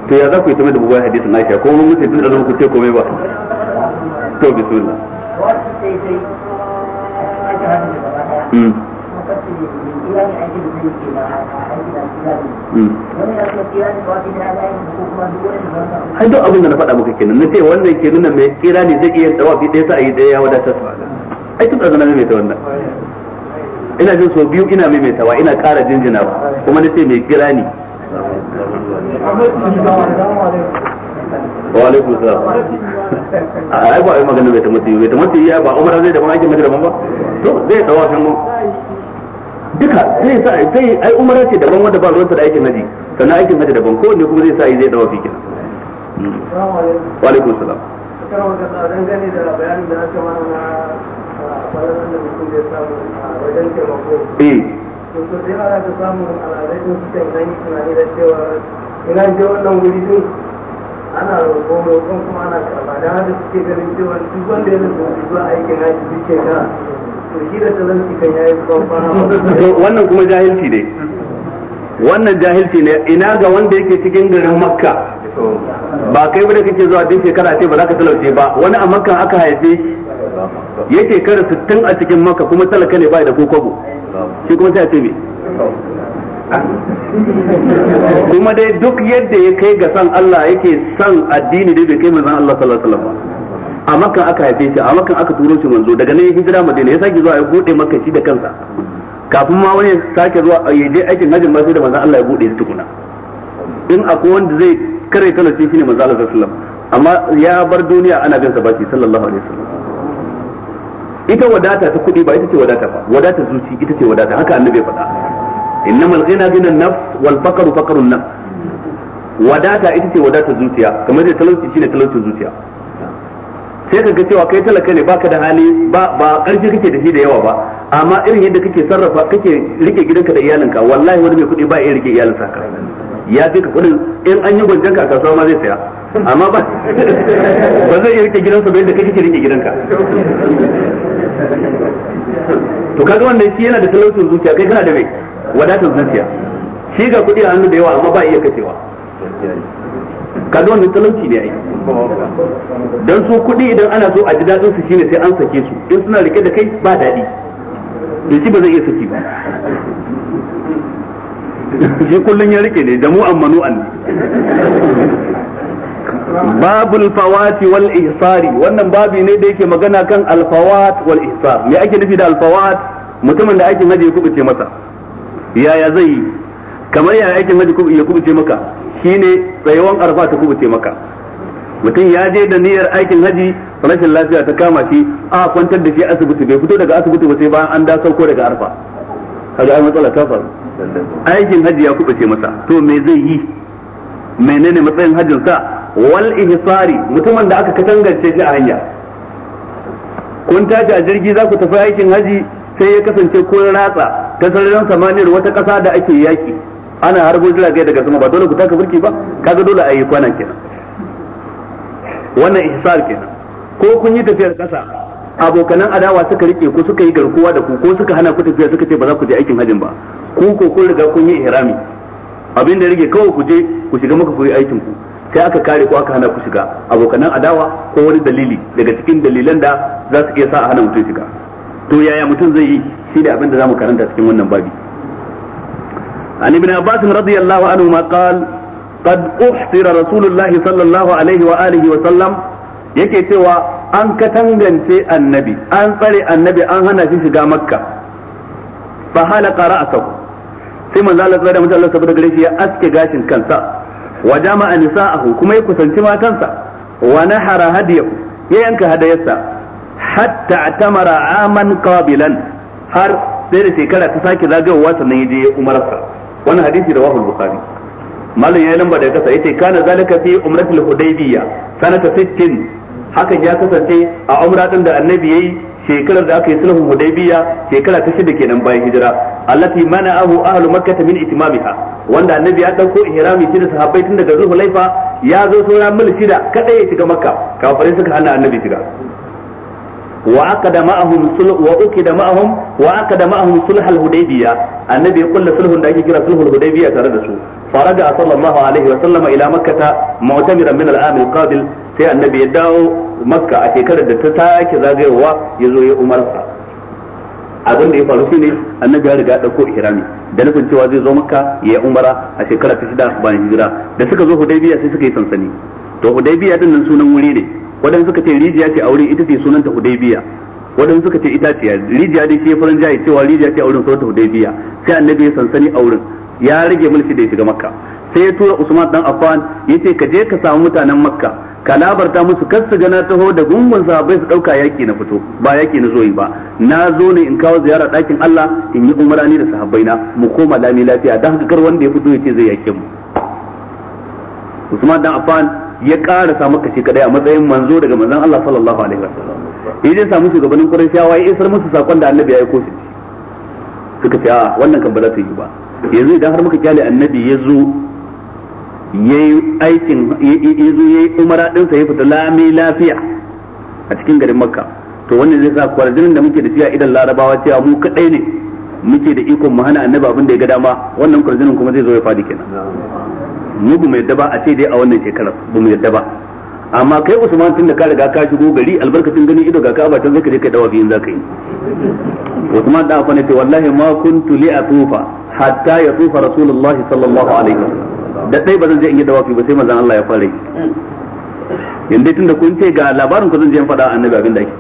to ya za ku yi ta mai da bubuwar hadisin Aisha ko mun mutu tun da ku ce komai ba to bismillah Mm. Hmm. ai duk abin da na faɗa muka kenan na ce wannan ke nuna mai kira ne zai iya tsawafi ɗaya sa a yi ɗaya ya wadatar ai tun tsazana mai ta wannan ina jin so biyu ina mai tawa ina ƙara jinjina ba kuma na ce mai kira ne wa alaikum salam a ai ba ai magana mai ta mutu bai ta mutu ya ba umara zai daban ake mai daban ba to zai tawa mu. duka sai sa sai ai umara ce daban wanda ba ruwansa da aikin haji sannan aikin haji daban kowanne kuma zai sa yi zai dawa fi kenan wa alaikum salam dangane da bayanin da aka mana na da mutum samu a wajen taimako eh. to sai ana samun ina je wannan wuri din ana roƙo roƙon kuma ana karɓa haka suke ganin cewa duk wanda ya zuwa aikin haji duk shekara wannan kuma jahilci ne wannan jahilci ne ina ga wanda yake cikin garin makka ba kai bane kake zuwa duk shekara ce ba za ka talauce ba wani a makka aka haife shi ya shekara sittin a cikin makka kuma talaka ne ba da kokobo shi kuma sai a ce me kuma dai duk yadda ya kai ga san Allah yake san addini dai bai kai manzon Allah sallallahu alaihi wasallam ba a makan aka haife shi a makan aka turo shi manzo daga nan ya hijira madina ya sake zuwa ya bude makka shi da kansa kafin ma wani ya sake zuwa a yaje aikin hajjin ba sai da manzo Allah ya bude shi tukuna in akwai wanda zai kare shi shine manzo Allah sallallahu alaihi wasallam amma ya bar duniya ana bin sa shi sallallahu alaihi wasallam ita wadata ta kuɗi ba ita ce wadata ba wadata zuci ita ce wadata haka annabi ya faɗa innamal ghina ghina nafs wal faqru faqrun nafs wadata ita ce wadata zuciya kamar da talauci shine talaucin zuciya sai ka ga cewa kai talaka ne baka da hali ba ba karfi kake da shi da yawa ba amma irin yadda kake sarrafa kake rike gidanka da iyalinka wallahi wani mai kuɗi ba ya rike iyalinsa ka ya fi ka kuɗin in an yi gwanjan ka kasuwa ma zai saya amma ba ba zai iya rike gidansa ba yadda kake rike gidanka to kaga wannan shi yana da talaucin zuciya kai kana da mai wadatar zuciya shi ga kuɗi a hannu da yawa amma ba iya kacewa kada wannan talauci ne ai dan su kuɗi idan ana so a ji dadin su shine sai an sake su in suna rike da kai ba daɗi to shi ba zai iya saki ba shi kullun ya rike ne mu ammanu an babul fawati wal ihsari wannan babi ne da yake magana kan alfawat wal ihsar me ake nufi da alfawat mutumin da ake haji ya ce masa yaya zai kamar yaya aikin haji ya kubuce maka shi ne tsayawan arfa ta kubuce maka mutum ya je da niyyar aikin haji rashin lafiya ta kama shi a kwantar da shi asibiti bai fito daga asibiti ba sai bayan an da sauko daga arfa kaga ai matsala ta faru aikin haji ya kubuce masa to me zai yi menene matsayin hajjin sa wal ihsari mutumin da aka katangance shi a hanya kun tashi a jirgi za ku tafi aikin haji sai ya kasance ko ratsa ta sararin samaniyar wata ƙasa da ake yaki ana harbo jirage daga sama ba dole ku taka burki ba kaga dole a yi kwana kenan wannan ihsar kenan ko kun yi tafiyar kasa abokanan adawa suka rike ku suka yi garkuwa da ku ko suka hana ku tafiya suka ce ba za ku je aikin hajin ba ku ko kun riga kun yi ihrami abin da rage kawai ku je ku shiga maka ku yi aikin ku sai aka kare ku aka hana ku shiga abokanan adawa ko wani dalili daga cikin dalilan da za su iya sa a hana mutum shiga to yaya mutum zai yi shi da abin da za mu karanta cikin wannan babi عن ابن عباس رضي الله عنهما قال قد أحصر رسول الله صلى الله عليه وآله وسلم yake cewa an ka tangance annabi an tsare annabi an hana shi shiga makka fa halaka ra'sahu sai manzo Allah tsare mutum Allah saboda gare shi ya aske gashin kansa wa jama'a nisa'ahu kuma ya kusanci matansa wa nahara hadiyahu ya yanka hadayarsa hatta atamara aman qabilan har sai da shekara ta sake zagayowa sannan ya je umarsa wannan hadisi da wahul bukhari malam ya lamba daga kasa yace kana zalika fi umratul hudaybiyya sanata 60 hakan ya kasance a umra din da annabi yayi shekarar da aka yi sulhu hudaybiyya shekara ta shida kenan bayan hijira allati mana'ahu ahlu makkah min itmamiha wanda annabi ya dauko ihrami shi da sahabbai tun daga zulhulaifa ya zo sauran mil shida kada ya shiga makka kafirai suka hana annabi shiga وعقد معهم صلح وعقد معهم وعقد معهم صلح الحديبية النبي يقول لصلح دا يجي صلح الحديبية ترى فرجع صلى الله عليه وسلم إلى مكة معتمرا من العام القابل sai annabi ya dawo makka a shekarar da ta take zagayowa ya zo ya umarsa abin da ya faru shine annabi ya riga da ko ihrami da nufin cewa zai zo makka ya yi umara a shekara ta shida bayan hijira da suka zo hudaybiya sai suka yi sansani to hudaybiya din nan sunan wuri ne wadanda suka ce rijiya ce a ita ce sunanta hudaybiya wadanda suka ce ce rijiya dai shi farin jayi cewa rijiya ce a wurin sunanta hudaybiya sai annabi ya sansani a wurin ya rage mulki da ya shiga makka sai ya tura usman dan ya ce ka je ka samu mutanen makka ka labarta musu kar su gana taho da gungun sahabbai su dauka yaki na fito ba yaki na zoyi ba na zo ne in kawo ziyara dakin Allah in yi umarani da sahabbai na mu koma lami lafiya dan haka kar wanda ya fito yace zai yake mu Usman dan Affan ya ƙara sa maka shi kadai a matsayin manzo daga manzon Allah sallallahu alaihi wasallam idan samu shugabannin Qurayshawa ya isar musu sakon da Annabi ya kofi su suka ce a wannan kan ba za ta yi ba yanzu idan har muka kyale Annabi ya zo yayi aikin ya zo yayi umara din sa ya fita lami lafiya a cikin garin Makka to wannan zai sa kwarjinin da muke da shi a idan Larabawa cewa mu kaɗai ne muke da ikon mu hana Annabi abin da ya ga dama wannan kwarjinin kuma zai zo ya fadi kenan mu ba mu yadda ba a ce dai a wannan shekarar ba mu yadda ba amma kai Usman tun da ka riga ka shigo gari albarkacin gani ido ga Ka'aba tun zaka je kai dawa biyin zaka yi Usman da akwai ce wallahi ma kuntu li atufa hatta yatufa rasulullahi sallallahu alaihi da dai ba zan je in yi dawa ba sai manzon Allah ya fara yi tun tunda kun ce ga labarin ku zan je in faɗa annabi abin da ake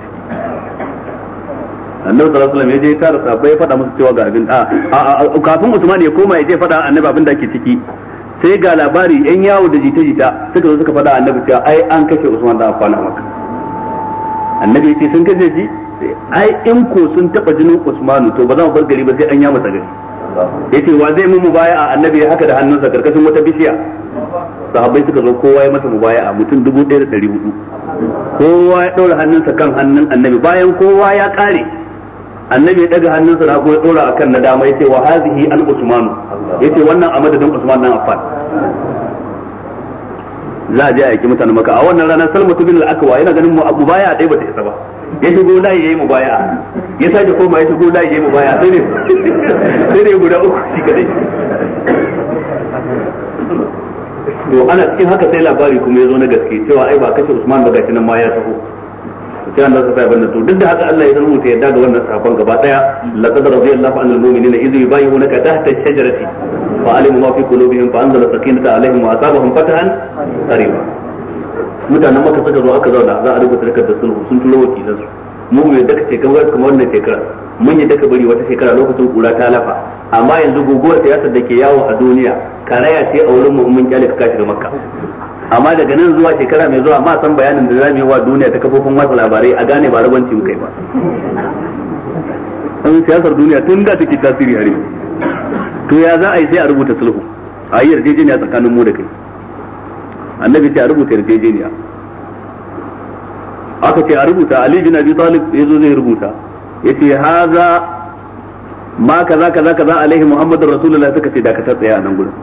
annabi sallallahu alaihi wasallam ya je tara sahabbai ya faɗa musu cewa ga abin a kafin Usman ya koma ya je faɗa annabi abin da ake ciki sai ga labari yan yawo da jita-jita suka zo suka faɗa annabi cewa ai an kashe Usman da Affan a Makka annabi ce sun kashe shi ai in ko sun taba jinin Usman to ba za mu bar gari ba sai an masa gari yace wa zai mu mubaya'a annabi haka da hannunsa karkashin wata bishiya sahabbai suka zo kowa ya masa mubaya'a mutum 1400 kowa ya daura hannunsa kan hannun annabi bayan kowa ya kare annabi ya daga hannunsa na ko ya dora akan na dama yace wa hazihi an usman yace wannan a madadin usman nan affan za a je a yaki mutanen maka a wannan rana salmatu bin al-akwa yana ganin mu abu baya dai bata isa ba ya shigo layi yayi mubaya ya sake koma ya shigo layi yayi mubaya sai ne sai ne guda uku shi kadai to ana cikin haka sai labari kuma ya zo na gaske cewa ai ba kashe Usman ba gashi nan ma ya taho sai Allah ya sa wannan to duk da haka Allah ya rubuta yadda ga wannan sahabban gaba daya laqad radiyallahu anil mu'minina idh yubayyi'unaka tahta ash-shajarati fa alima ma fi qulubihim fa anzala sakinata alaihim wa asabahum fatahan qariba mutanen maka suka zo aka zauna za a rubuta da sulhu sun turo wakilansu mu mai daka shekara kamar wannan shekara mun yi daka bari wata shekara lokacin kura ta lafa amma yanzu guguwar siyasar da ke yawo a duniya karaya ce a wurin mu mun kyale ka makka amma daga nan zuwa shekara mai zuwa ma san bayanin da za mu yi wa duniya ta kafofin watsa labarai a gane ba rabanci mu kai ba an siyasar duniya tun da take tasiri har to ya za a yi sai a rubuta sulhu a yi yarjejeniya tsakanin mu da kai annabi ce a rubuta yarjejeniya aka ce a rubuta ali bin abi talib zo zai rubuta yace haza ma kaza kaza kaza alaihi muhammadur rasulullah suka ce dakatar tsaya a nan gurin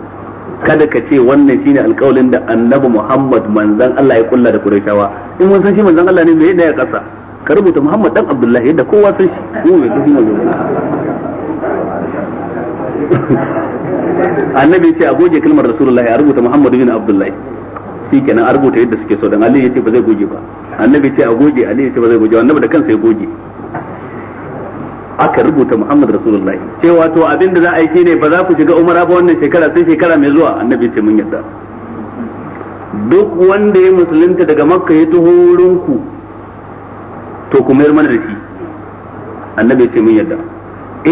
kada ka ce wannan shine alƙawalin da annabi Muhammad manzon Allah ya kulla da Qurayshawa in mun san shi manzon Allah ne me yana ya kasa ka rubuta Muhammad dan Abdullahi yadda kowa san shi mu bai san manzon annabi ce a goge kalmar Rasulullahi a rubuta Muhammad bin Abdullahi shikenan a rubuta yadda suke so dan Ali ce ba zai goge ba annabi ce a goge Ali ce ba zai goge annabi da kansa ya goge aka rubuta Muhammad Rasulullahi cewa to abin da za a yi shine ba za ku shiga Umar ba wannan shekara sai shekara mai zuwa annabi ce mun yarda duk wanda ya musulunta daga makka ya taho wurin ku to ku mayar mana da shi annabi ce mun yarda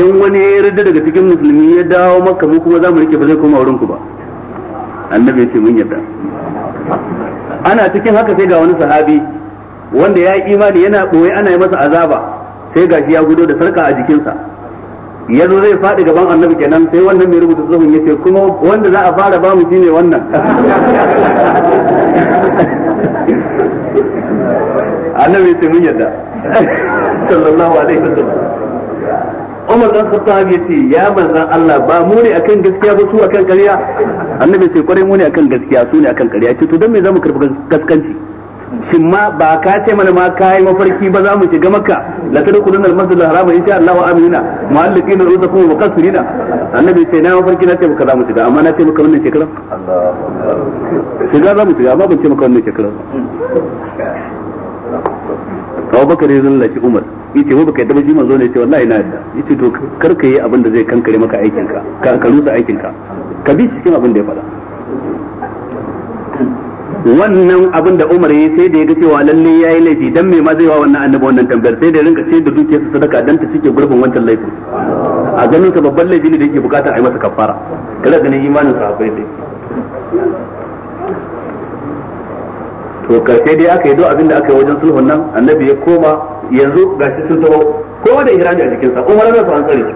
in wani ya yarda daga cikin musulmi ya dawo makka mu kuma za mu rike ba zai koma wurin ku ba annabi ce mun yarda ana cikin haka sai ga wani sahabi wanda ya yi imani yana boye ana yi masa azaba sai gashi ya gudo da sarka a jikinsa Yanzu zai faɗi gaban annabi kenan sai wannan mai rubuta tsohon ya ce kuma wanda za a fara ba mu shine wannan annabi ya ce mun yadda sallallahu alaihi wasallam Umar dan Khattab ya ce ya manzan Allah ba mu ne akan gaskiya ba su akan ƙarya annabi ya ce kwarai mu ne akan gaskiya su ne akan ƙarya ce to dan me zamu karɓi gaskanci shin ma ba ka ce mana ma kai mafarki ba za mu shiga maka la tadkhuluna al-masjid al-haram insha Allah wa amina mu'allikin ru'usakum wa qasrina annabi ce na mafarki na ce maka za mu shiga amma na ce maka wannan shekara shiga za mu shiga amma ban ce maka wannan shekara Abu Bakar ya zallaci Umar yace wa baka da ba shi manzo ne yace wallahi na yadda yace to kar ka yi abin da zai kankare maka aikin ka rusa aikin ka bi cikin abin da ya faɗa wannan abin da Umar yi sai da ya ga cewa lalle yayi laifi dan me ma zai wa wannan annabi wannan tambayar sai da ya rinka ce da dukiyarsa sadaka dan ta cike gurbin wancan laifin a ganin ka babban laifi ne da yake bukata a yi masa kafara kada ganin imanin sahabbai dai to karshe dai aka yi do abin da aka yi wajen sulhun nan annabi ya koma yanzu gashi sun taho kowa da ihrami a jikinsa umar da su an tsare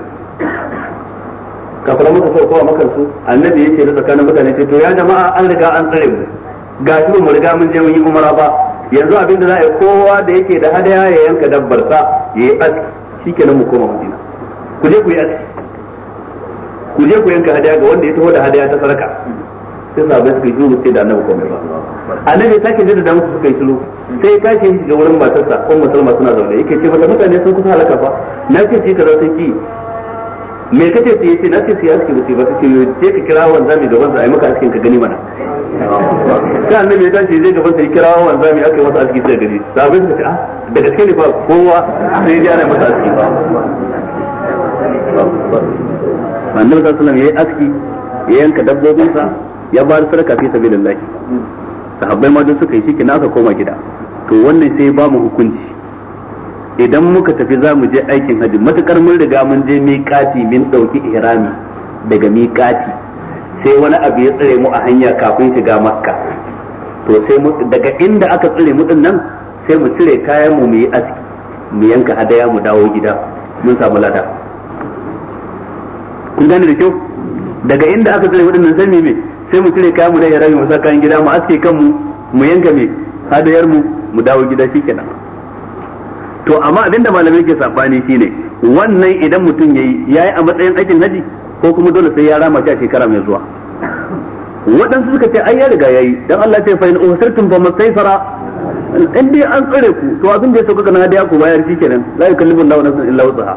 Kafara muka sauko a makansu annabi ya ce da tsakanin mutane ce to ya jama'a an riga an tsare mu ga su mu riga mun je mun yi umara ba yanzu abin da za a kowa da yake da hadaya ya yanka dabbar sa ya yi aski shikenan mu koma madina ku je ku yi aski ku je ku yanka hadaya ga wanda ya taho da hadaya ta sarka sai sabai suka yi juru sai da annabi komai ba annabi sake jira da musu suka yi tulu. sai ya tashi ga wurin matarsa ko musulma suna zaune yake ce mata mutane sun kusa halaka fa na ce ce zo sai ki me kace su yace na ce su aski ba su ba su ce je ka kira wanzami gaban sa ai maka askin ka gani mana sai annabi ya tashi zai gaban sa ya kira wanzami aka yi masa aski sai gani sabin ka ce ah da gaske ne ba kowa sai ya ana masa aski ba annabi sallallahu alaihi wasallam yayi aski ya yanka dabbobin sa ya bar sarka fi sabilillahi sahabbai ma duk suka yi shi kina aka koma gida to wannan sai ba mu hukunci idan muka tafi za mu je aikin hajji matukar mun riga mun je miƙati min ɗauki ihrami daga miƙati sai wani abu ya tsire mu a hanya kafin shiga makka to sai mu daga inda aka tsire mu din nan sai mu cire kayan mu mu yi aski mu yanka hadaya mu dawo gida mun samu lada kun gane da kyau daga inda aka tsire mu din nan sai mu me sai mu cire kayan mu da ihrami mu sa kayan gida mu aske kanmu mu yanka me hadayar mu mu dawo gida shikenan to amma abinda malamai ke sabani shine wannan idan mutum yayi yayi a matsayin aikin haji ko kuma dole sai ya rama shi a shekara mai zuwa waɗansu suka ce ai ya riga yayi dan Allah ce fa in usirtum fa mastaysara in dai an tsare ku to abin da ya sauka kana da ku bayar shikenan la yukallifu Allahu nafsan illa wusaha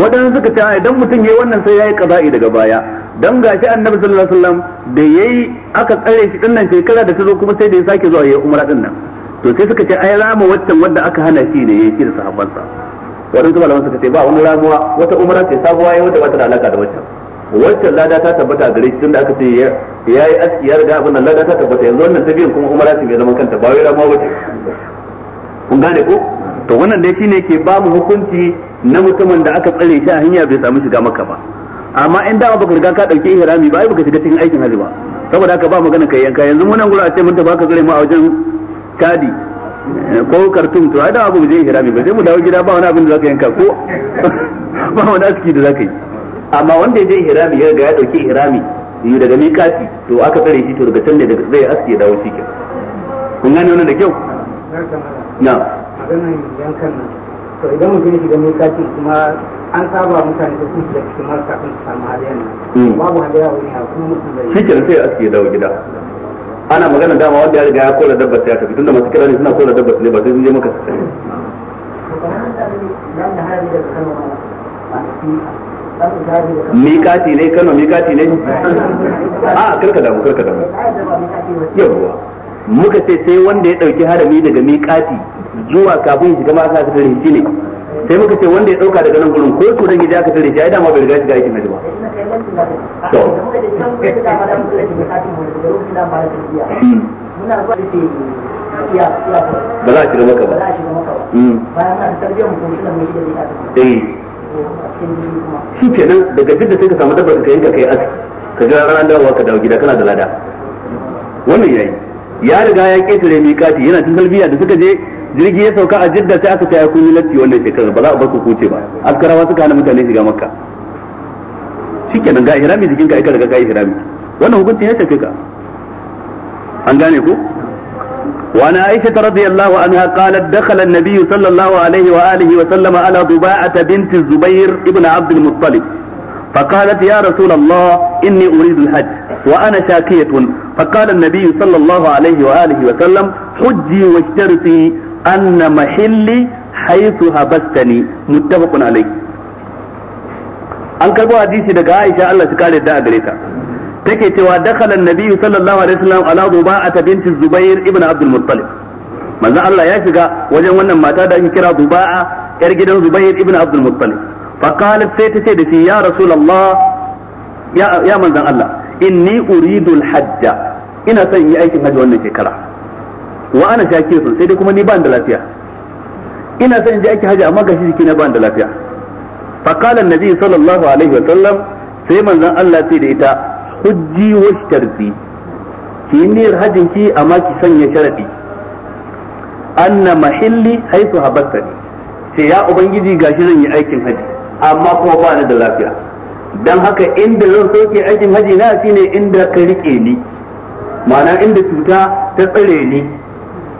waɗansu suka ce idan mutum yayi wannan sai yayi qada'i daga baya dan gashi annabi sallallahu alaihi wasallam da yayi aka tsare shi dinnan shekara da ta zo kuma sai da ya sake zuwa yayi umra dinnan to sai suka ce ai rama waccan wanda aka hana shi ne yayi shi da sahabbansa wannan zuwa malaman suka ce ba wani ramuwa wata umara ce sabuwa yayi wanda ba ta da alaka da waccan waccan lada ta tabbata gare shi tunda aka ce yayi aski ya riga abin nan lada ta tabbata yanzu wannan ta biyan kuma umara ce bai zaman kanta ba wai ramuwa bace kun gane ko to wannan dai shine ke ba mu hukunci na mutumin da aka tsare shi a hanya bai samu shiga maka ba amma in dama baka riga ka dauke ihrami ba ai baka shiga cikin aikin haji ba saboda haka ba magana kai yanka yanzu mun nan gura a ce mun ta baka gare mu a wajen kadi ko kartun to ai da abu zai hirami ba zai mu dawo gida ba wani abin da zaka yanka ko ba wani aski da zaka yi amma wanda zai je hirami ya ga ya dauki hirami yi daga mikati to aka tsare shi to daga can ne daga zai aski ya dawo shi ke kun gane wannan da kyau na yankan nan to idan mutum ya shiga mikati kuma an saba mutane da su da cikin marka kan samu halayen hmm. babu hadiya wani a kuma mutum zai shi kenan sai aski ya dawo gida ana magana dama wanda ya riga ya kora dabbar ya tafi tunda masu kira ne suna kora dabbar ne ba sai sun je maka su sani mikati ne kano mikati ne a karka damu karka damu yawwa muka ce sai wanda ya dauki harami daga mikati zuwa kafin shiga ma aka tafi ne sai muka ce wanda ya dauka daga nan gurin ko sudan dan gida ka tare shi ai dama bai riga ga aikin hajji ba to hmm. ba za a shiga maka ba hmm. eh. shi nan daga duk da sai ka samu dabar ka yanka kai aski ka jira ranar dawowa ka dawo gida kana da lada wannan yayi ya riga ya ketare kati yana tun salbiya da suka je jirgi ya sauka a jidda sai aka taya kun yi latti wannan shekarar ba za a bar ku kuce ba askarawa suka hana mutane shiga makka shikenan ga ihrami jikin ka aika daga ga ihrami wannan hukunci ya shafe ka an gane ko وعن عائشة رضي الله عنها قالت دخل النبي صلى الله عليه وآله وسلم على ضباعة بنت الزبير ابن عبد المطلب فقالت يا رسول الله إني أريد الحج وأنا شاكية فقال النبي صلى الله عليه وآله وسلم حجي واشترطي anna mahilli haythu habastani muttafaqun alayh an karbo hadisi daga Aisha Allah shi kare da gareta, ta take cewa dakhala annabi sallallahu alaihi wasallam ala ta bint Zubair ibn Abdul Muttalib manzo Allah ya shiga wajen wannan mata da ake kira duba'a yar gidan Zubair ibn Abdul Muttalib fa qalat sai ta ce da shi ya rasulullah ya ya manzon Allah inni uridu al-hajja ina son yi aikin hajji wannan shekara wa ana sun sai dai kuma ni ba da lafiya ina son in je aiki haji amma gashi jiki na ba da lafiya fa qala annabi sallallahu alaihi wa sallam sai manzon Allah sai da ita hujji wa shtarti ki niyyar hajin ki amma ki sanya sharadi anna mahilli haythu habattani sai ya ubangiji gashi zan yi aikin haji amma kuma ba ni da lafiya dan haka inda zan soke aikin haji na shine inda ka rike ni ma'ana inda cuta ta tsare ni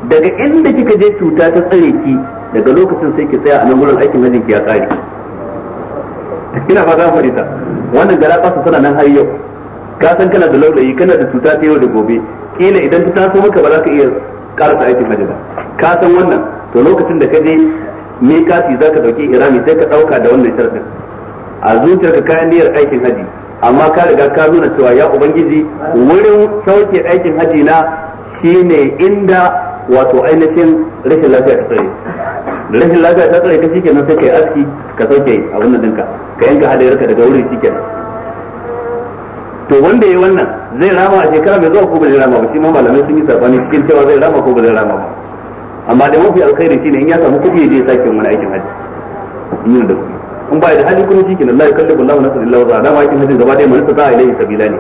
daga inda kika je cuta ta tsare ki daga lokacin sai ki tsaya a nan gurin aikin hajjin ki ya kare ina ba za mu wannan gara kasa tana nan har yau ka san kana da laulayi kana da cuta ta yau da gobe kila idan ta taso maka ba za ka iya karasa aikin hajji ba ka san wannan to lokacin da ka je me kati za ka dauki irami sai ka dauka da wannan sharadin a zuciyar ka kayan niyyar aikin hajji amma ka riga ka nuna cewa ya ubangiji wurin sauke aikin hajji na shine inda wato ainihin rashin lafiya ta tsare rashin lafiya ta tsare ka nan sai kai aski ka sauke abin nan dinka ka yanka halayyarka daga wurin shikenan to wanda yayi wannan zai rama a shekara mai zuwa ko ba zai rama ba shi ma malamai sun yi sabani cikin cewa zai rama ko ba zai rama ba amma da mafi alkhairi shine in ya samu kuɗi ya je sake wani aikin haji yi da kuɗi in ba da hali kuma shikenan la yukallifu Allahu nafsan illa wus'aha dama aikin haji gaba ɗaya mun tsaya ilai sabila ne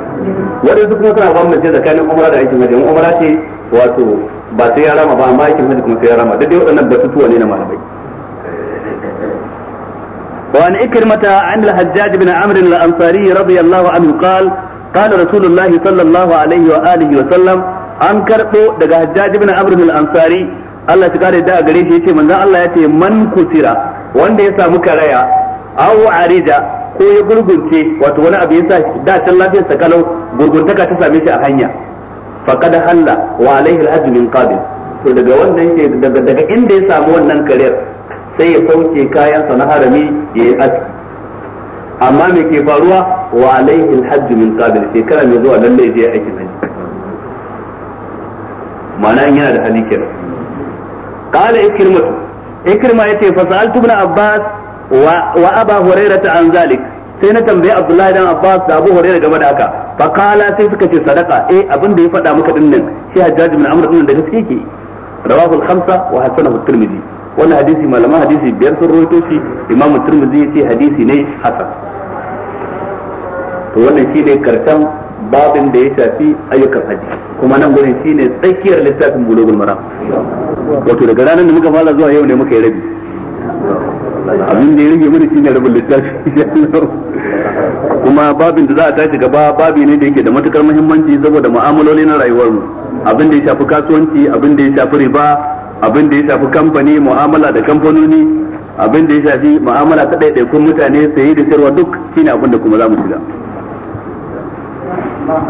wadansu kuma suna bambance tsakanin umara da aikin haji in umara ce wato ba sai ya rama ba amma aikin hajji kuma sai ya rama duk dai waɗannan batutuwa ne na malamai وعن إكرمة عن الحجاج بن عمرو الأنصاري رضي الله عنه قال قال رسول sallallahu صلى الله عليه وآله وسلم an karbo daga Hajjaj ibn Amr al-Ansari Allah ya kare da gare shi yace manzon Allah yace man kusira wanda ya samu karaya aw arija ko ya gurgunce wato wani abu ya sa da tan lafiyar sa kalau gurguntaka ta same shi a hanya faqad halla wa alaihi al min qabil to daga wannan shi daga daga inda ya samu wannan karyar sai ya sauke kayan sa na harami ya yi aski amma me ke faruwa wa alaihi al min qabil shekara mai zuwa lalle je aikin haji ma'ana yana da hali kenan qala ikrimatu ikrima yace fa sa'altu ibn abbas wa wa aba hurairah an zalik sai na tambayi abdullahi dan abbas da abu hurairah game da haka faqala sai suka ce sadaka eh abin da ya fada maka din nan shi hajjaj bin amr din da gaske ke rawahu al-khamsa wa hasanahu at-tirmidhi wannan hadisi malaman hadisi biyar sun rawaito shi imamu tirmidhi yace hadisi ne hasan to wannan shine karshen babin da ya shafi ayyukan haji kuma nan gurin shine tsakiyar littafin bulugul mara. wato daga ranar da muka fara zuwa yau ne muka yi rabi abin da ya rage mana shine rabin littafi kuma babin da za a tashi gaba babi ne da yake da matukar muhimmanci saboda mu'amaloli na rayuwar mu abin da ya shafi kasuwanci abin da ya shafi riba abin da ya shafi kamfani mu'amala da kamfanoni abin da ya shafi mu'amala ta ɗaiɗaikun mutane saye da sayarwa duk shine abin da kuma za mu shiga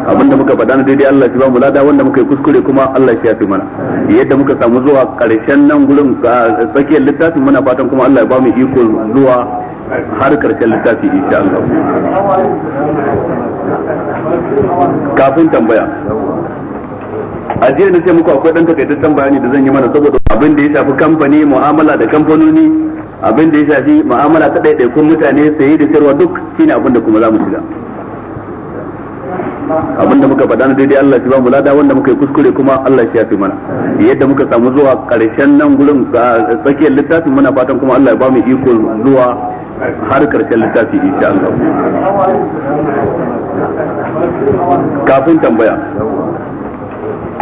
abinda muka faɗa na daidai Allah shi ba mu lada wanda muka yi kuskure kuma Allah shi ya fi mana yadda muka samu zuwa ƙarshen nan gurin tsakiyar littafin muna fatan kuma Allah ya ba mu iko zuwa har ƙarshen littafi insha Allah kafin tambaya a jiya na ce muku akwai ɗan takaitaccen bayani da zan yi mana saboda abin da ya shafi kamfani mu'amala da kamfanoni abin da ya shafi mu'amala ta ɗaiɗaikun mutane saye da sayarwa duk shine abin da kuma za mu shiga abinda muka faɗa na daidai Allah shi ba mu lada wanda muka yi kuskure kuma Allah shi ya fi mana yadda muka samu zuwa karshen nan gurin tsakiyar littafin muna fatan kuma Allah ya ba mu iko zuwa har karshen littafi insha Allah kafin tambaya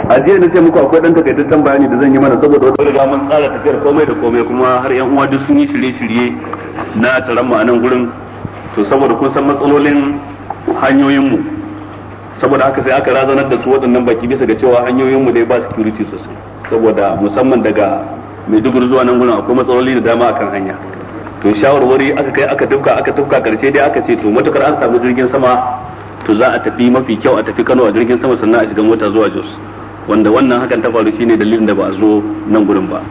a jiya na ce muku akwai dan takaitaccen bayani da zan yi mana saboda wata riga mun tsara tafiyar komai da komai kuma har yan uwa duk sun yi shirye-shirye na taron mu a nan gurin to saboda kun san matsalolin hanyoyinmu. mu saboda haka sai aka razanar da su waɗannan baki bisa ga cewa hanyoyin mu dai ba security sosai saboda musamman daga Maiduguri zuwa nan gudun akwai matsaloli da dama akan hanya to shawarwari aka kai aka tufka aka tufka karshe dai aka ce to matukar an samu jirgin sama to za a tafi mafi kyau a tafi Kano a jirgin sama sannan a shiga mota zuwa Jos wanda wannan hakan ta faru shine dalilin da ba a zo nan gudun ba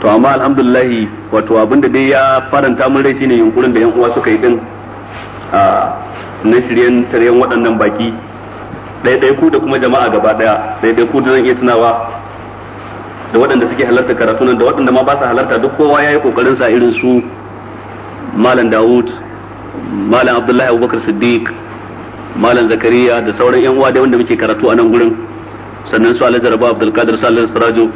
to amma alhamdulillah wato abinda dai ya faranta mun rai shine yunkurin da yan uwa suka yi din a ah, na shiryen tarayyan waɗannan baki ku da kuma jama'a gaba ɗaya ku da zan iya tunawa da waɗanda suke halarta karatu nan da waɗanda ma ba su halarta duk kowa ya yi ƙoƙarin sa irin su malam dawud malam abdullahi abubakar siddiq malam zakariya da sauran yan uwa da wanda muke karatu a nan gurin sannan su alhaji rabu abdulkadir salir sirajo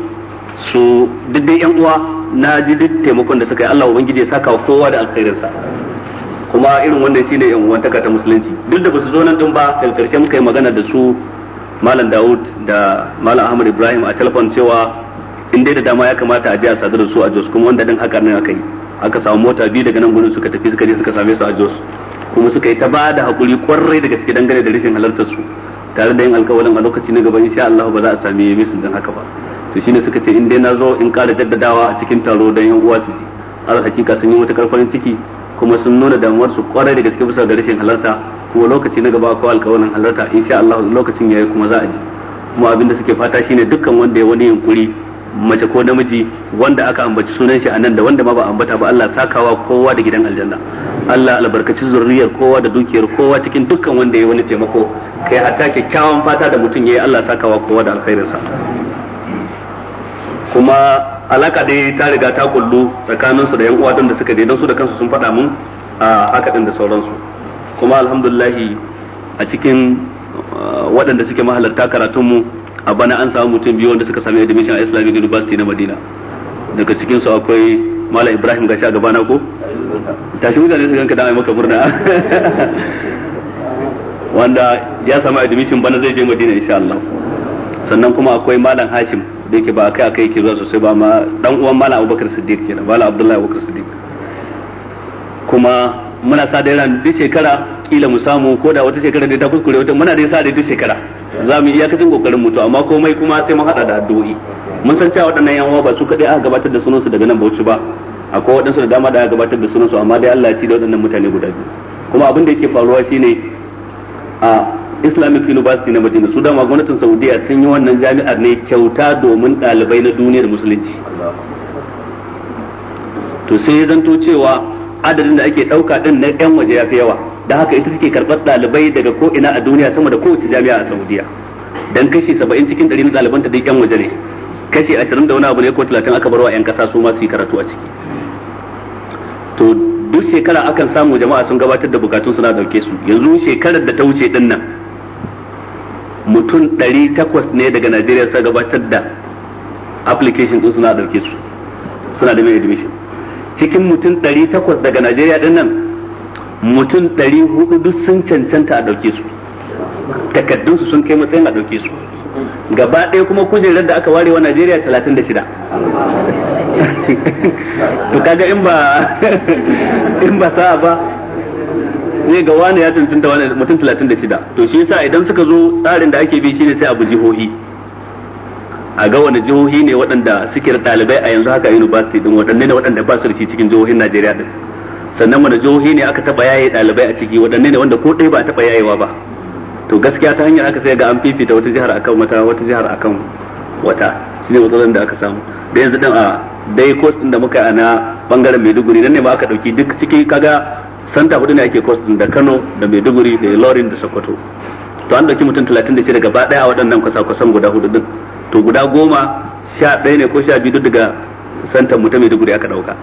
su duk dai yan uwa na ji duk taimakon da suka yi allah ubangiji ya saka kowa da alkhairinsa ba irin wannan shine yan uwantaka ta musulunci duk da basu zo nan din ba kan karshe muka yi magana da su malam Dawud da malam Ahmad Ibrahim a telefon cewa in dai da dama ya kamata a je a sadar da su a Jos kuma wanda din haka nan aka yi aka samu mota biyu daga nan gurin suka tafi suka je suka same su a Jos kuma suka yi ta ba da hakuri kwarai daga cikin dangane da rashin halartar su tare da yin alkawarin a lokaci na gaba insha Allah ba za a sami misin din haka ba to shine suka ce in dai na zo in ƙara jaddadawa a cikin taro don yan uwa su ji al hakika sun yi matukar farin ciki kuma sun nuna damuwar su kwarai da gaske bisa ga rashin halarta kuma lokaci na gaba ko alƙawarin halarta in sha Allah lokacin yayi kuma za a ji kuma abin da suke fata shine dukkan wanda ya wani yunkuri mace ko namiji wanda aka ambaci sunan shi anan da wanda ma ba ambata ba Allah sakawa kowa da gidan aljanna Allah albarkaci zurriyar kowa da dukiyar kowa cikin dukkan wanda ya wani taimako kai hatta kyakkyawan fata da mutum yayi Allah sakawa kowa da alkhairinsa kuma alaka dai ta riga ta kullu tsakanin su da yan uwa da suka je don su da kansu sun faɗa mun a haka din da sauransu kuma alhamdulillah a cikin waɗanda suke mahalarta karatun mu a bana an samu mutum biyu wanda suka sami admission a Islamic University na Madina daga cikin su akwai Mala Ibrahim gashi a gabana ko tashi mutane su ganka da mai maka murna wanda ya sami admission bana zai je Madina insha Allah sannan kuma akwai Malam Hashim da yake ba akai kai yake zuwa sosai ba ma dan uwan malam abubakar siddiq nan malam abdullahi abubakar siddiq kuma muna sa da ran duk shekara kila mu samu ko da wata shekara da ta kuskure wata muna da sa da duk shekara za mu iya kacin kokarin mutu amma komai kuma sai mun hada da addu'o'i mun san cewa waɗannan yan uwa ba su kadai aka gabatar da sunansu daga nan Bauchi ba akwai waɗansu da dama da aka gabatar da sunansu amma dai Allah ya ci da waɗannan mutane guda biyu kuma abin da yake faruwa shine a islamic university na madina su dama gwamnatin saudiya sun yi wannan jami'ar ne kyauta domin ɗalibai na duniyar musulunci to sai ya zanto cewa adadin da ake ɗauka ɗin na 'yan waje ya fi yawa da haka ita take karɓar ɗalibai daga ko ina a duniya sama da kowace jami'a a saudiya dan kashi saba'in cikin ɗari na ɗalibanta duk 'yan waje ne kashi ashirin da wani abu ne ko talatin aka barwa 'yan ƙasa su ma su yi karatu a ciki to duk shekara akan samu jama'a sun gabatar da bukatun suna dauke su yanzu shekarar da ta wuce dinnan. nan mutum 800 ne daga Najeriya suka gabatar da application din suna dauke su suna da mai admission cikin mutum 800 daga Najeriya din nan mutum 400 duk sun cancanta a dauke su takaddun su sun kai matsayin a dauke su gaba ɗaya kuma kujerar da aka ware wa Najeriya 36 to kaga in ba in ba sa'a ba ne ga wani ya cancanta wani mutum 36 to shi yasa idan suka zo tsarin da ake bi shine sai abu jihohi a ga wani jihohi ne waɗanda suke da ɗalibai a yanzu haka university din waɗanne ne waɗanda ba su da shi cikin jihohin Najeriya din sannan wani jihohi ne aka taɓa yaye ɗalibai a ciki waɗanne ne wanda ko ɗaya ba a taɓa yayewa ba to gaskiya ta hanyar aka sai ga an fifita wata jihar akan wata wata jihar akan wata shine matsalar da aka samu da yanzu din a dai course din da muka a na bangaren Maiduguri nan ne ba aka dauki duk ciki kaga santa hudu ne ake kwas din da Kano da Maiduguri da Ilorin da Sokoto to an dauki mutum da 36 daga baɗaya a waɗannan kusa-kusan guda hudu din to guda goma sha ɗaya ne ko sha biyu daga santan mutum Maiduguri aka dauka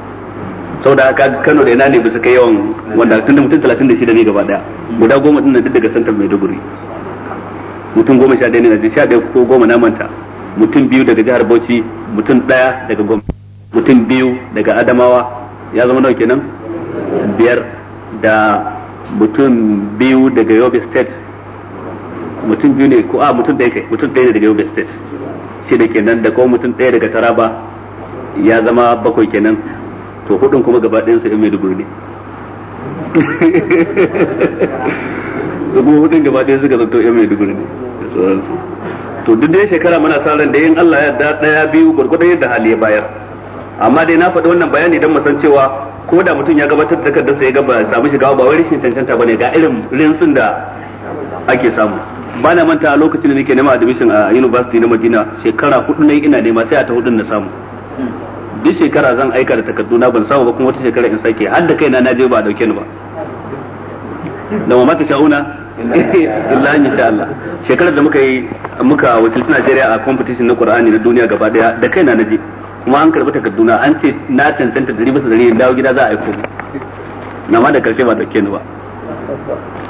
da aka Kano da ina ne bisa kai yawan wanda tun da mutum talatin da shi da ne gaba daya guda goma din nan duk daga santan Maiduguri mutum goma sha ɗaya ne na jin sha ɗaya ko goma namanta mutum biyu daga jihar Bauchi mutum ɗaya daga goma mutum biyu daga Adamawa ya zama nau kenan biyar da mutum biyu daga yobe state mutum biyu ne ko a ah, mutum ɗaya kai mutum ɗaya ne daga yobe state shi da kenan da ko mutum ɗaya daga taraba ya zama bakwai kenan to hudun kuma gaba ɗayansu yan maiduguri ne su kuma hudun gaba ɗayansu ga zanto yan maiduguri ne to duk dai shekara muna sa ran da yin Allah ya da ɗaya biyu gwargwadon yadda hali ya bayar amma dai na faɗi wannan bayani don mu san cewa ko da mutum ya gabatar da takardar sa ya ga samu shiga ba wai rashin cancanta bane ga irin rinsin da ake samu ba na manta a lokacin da nake neman admission a university na Madina shekara hudu ne ina nema sai a ta hudun na samu duk shekara zan aika da takardu na ban samu ba kuma wata shekara in sake har da kaina na je ba a dauke ni ba da mamata sha'una illa insha Allah shekarar da muka yi muka wakilci Najeriya a competition na Qur'ani na duniya gaba daya da kaina naje kuma an karbi takarduna an ce na cancanta dari bisa dari dawo gida za a aiko na ma da karshe ba da ni ba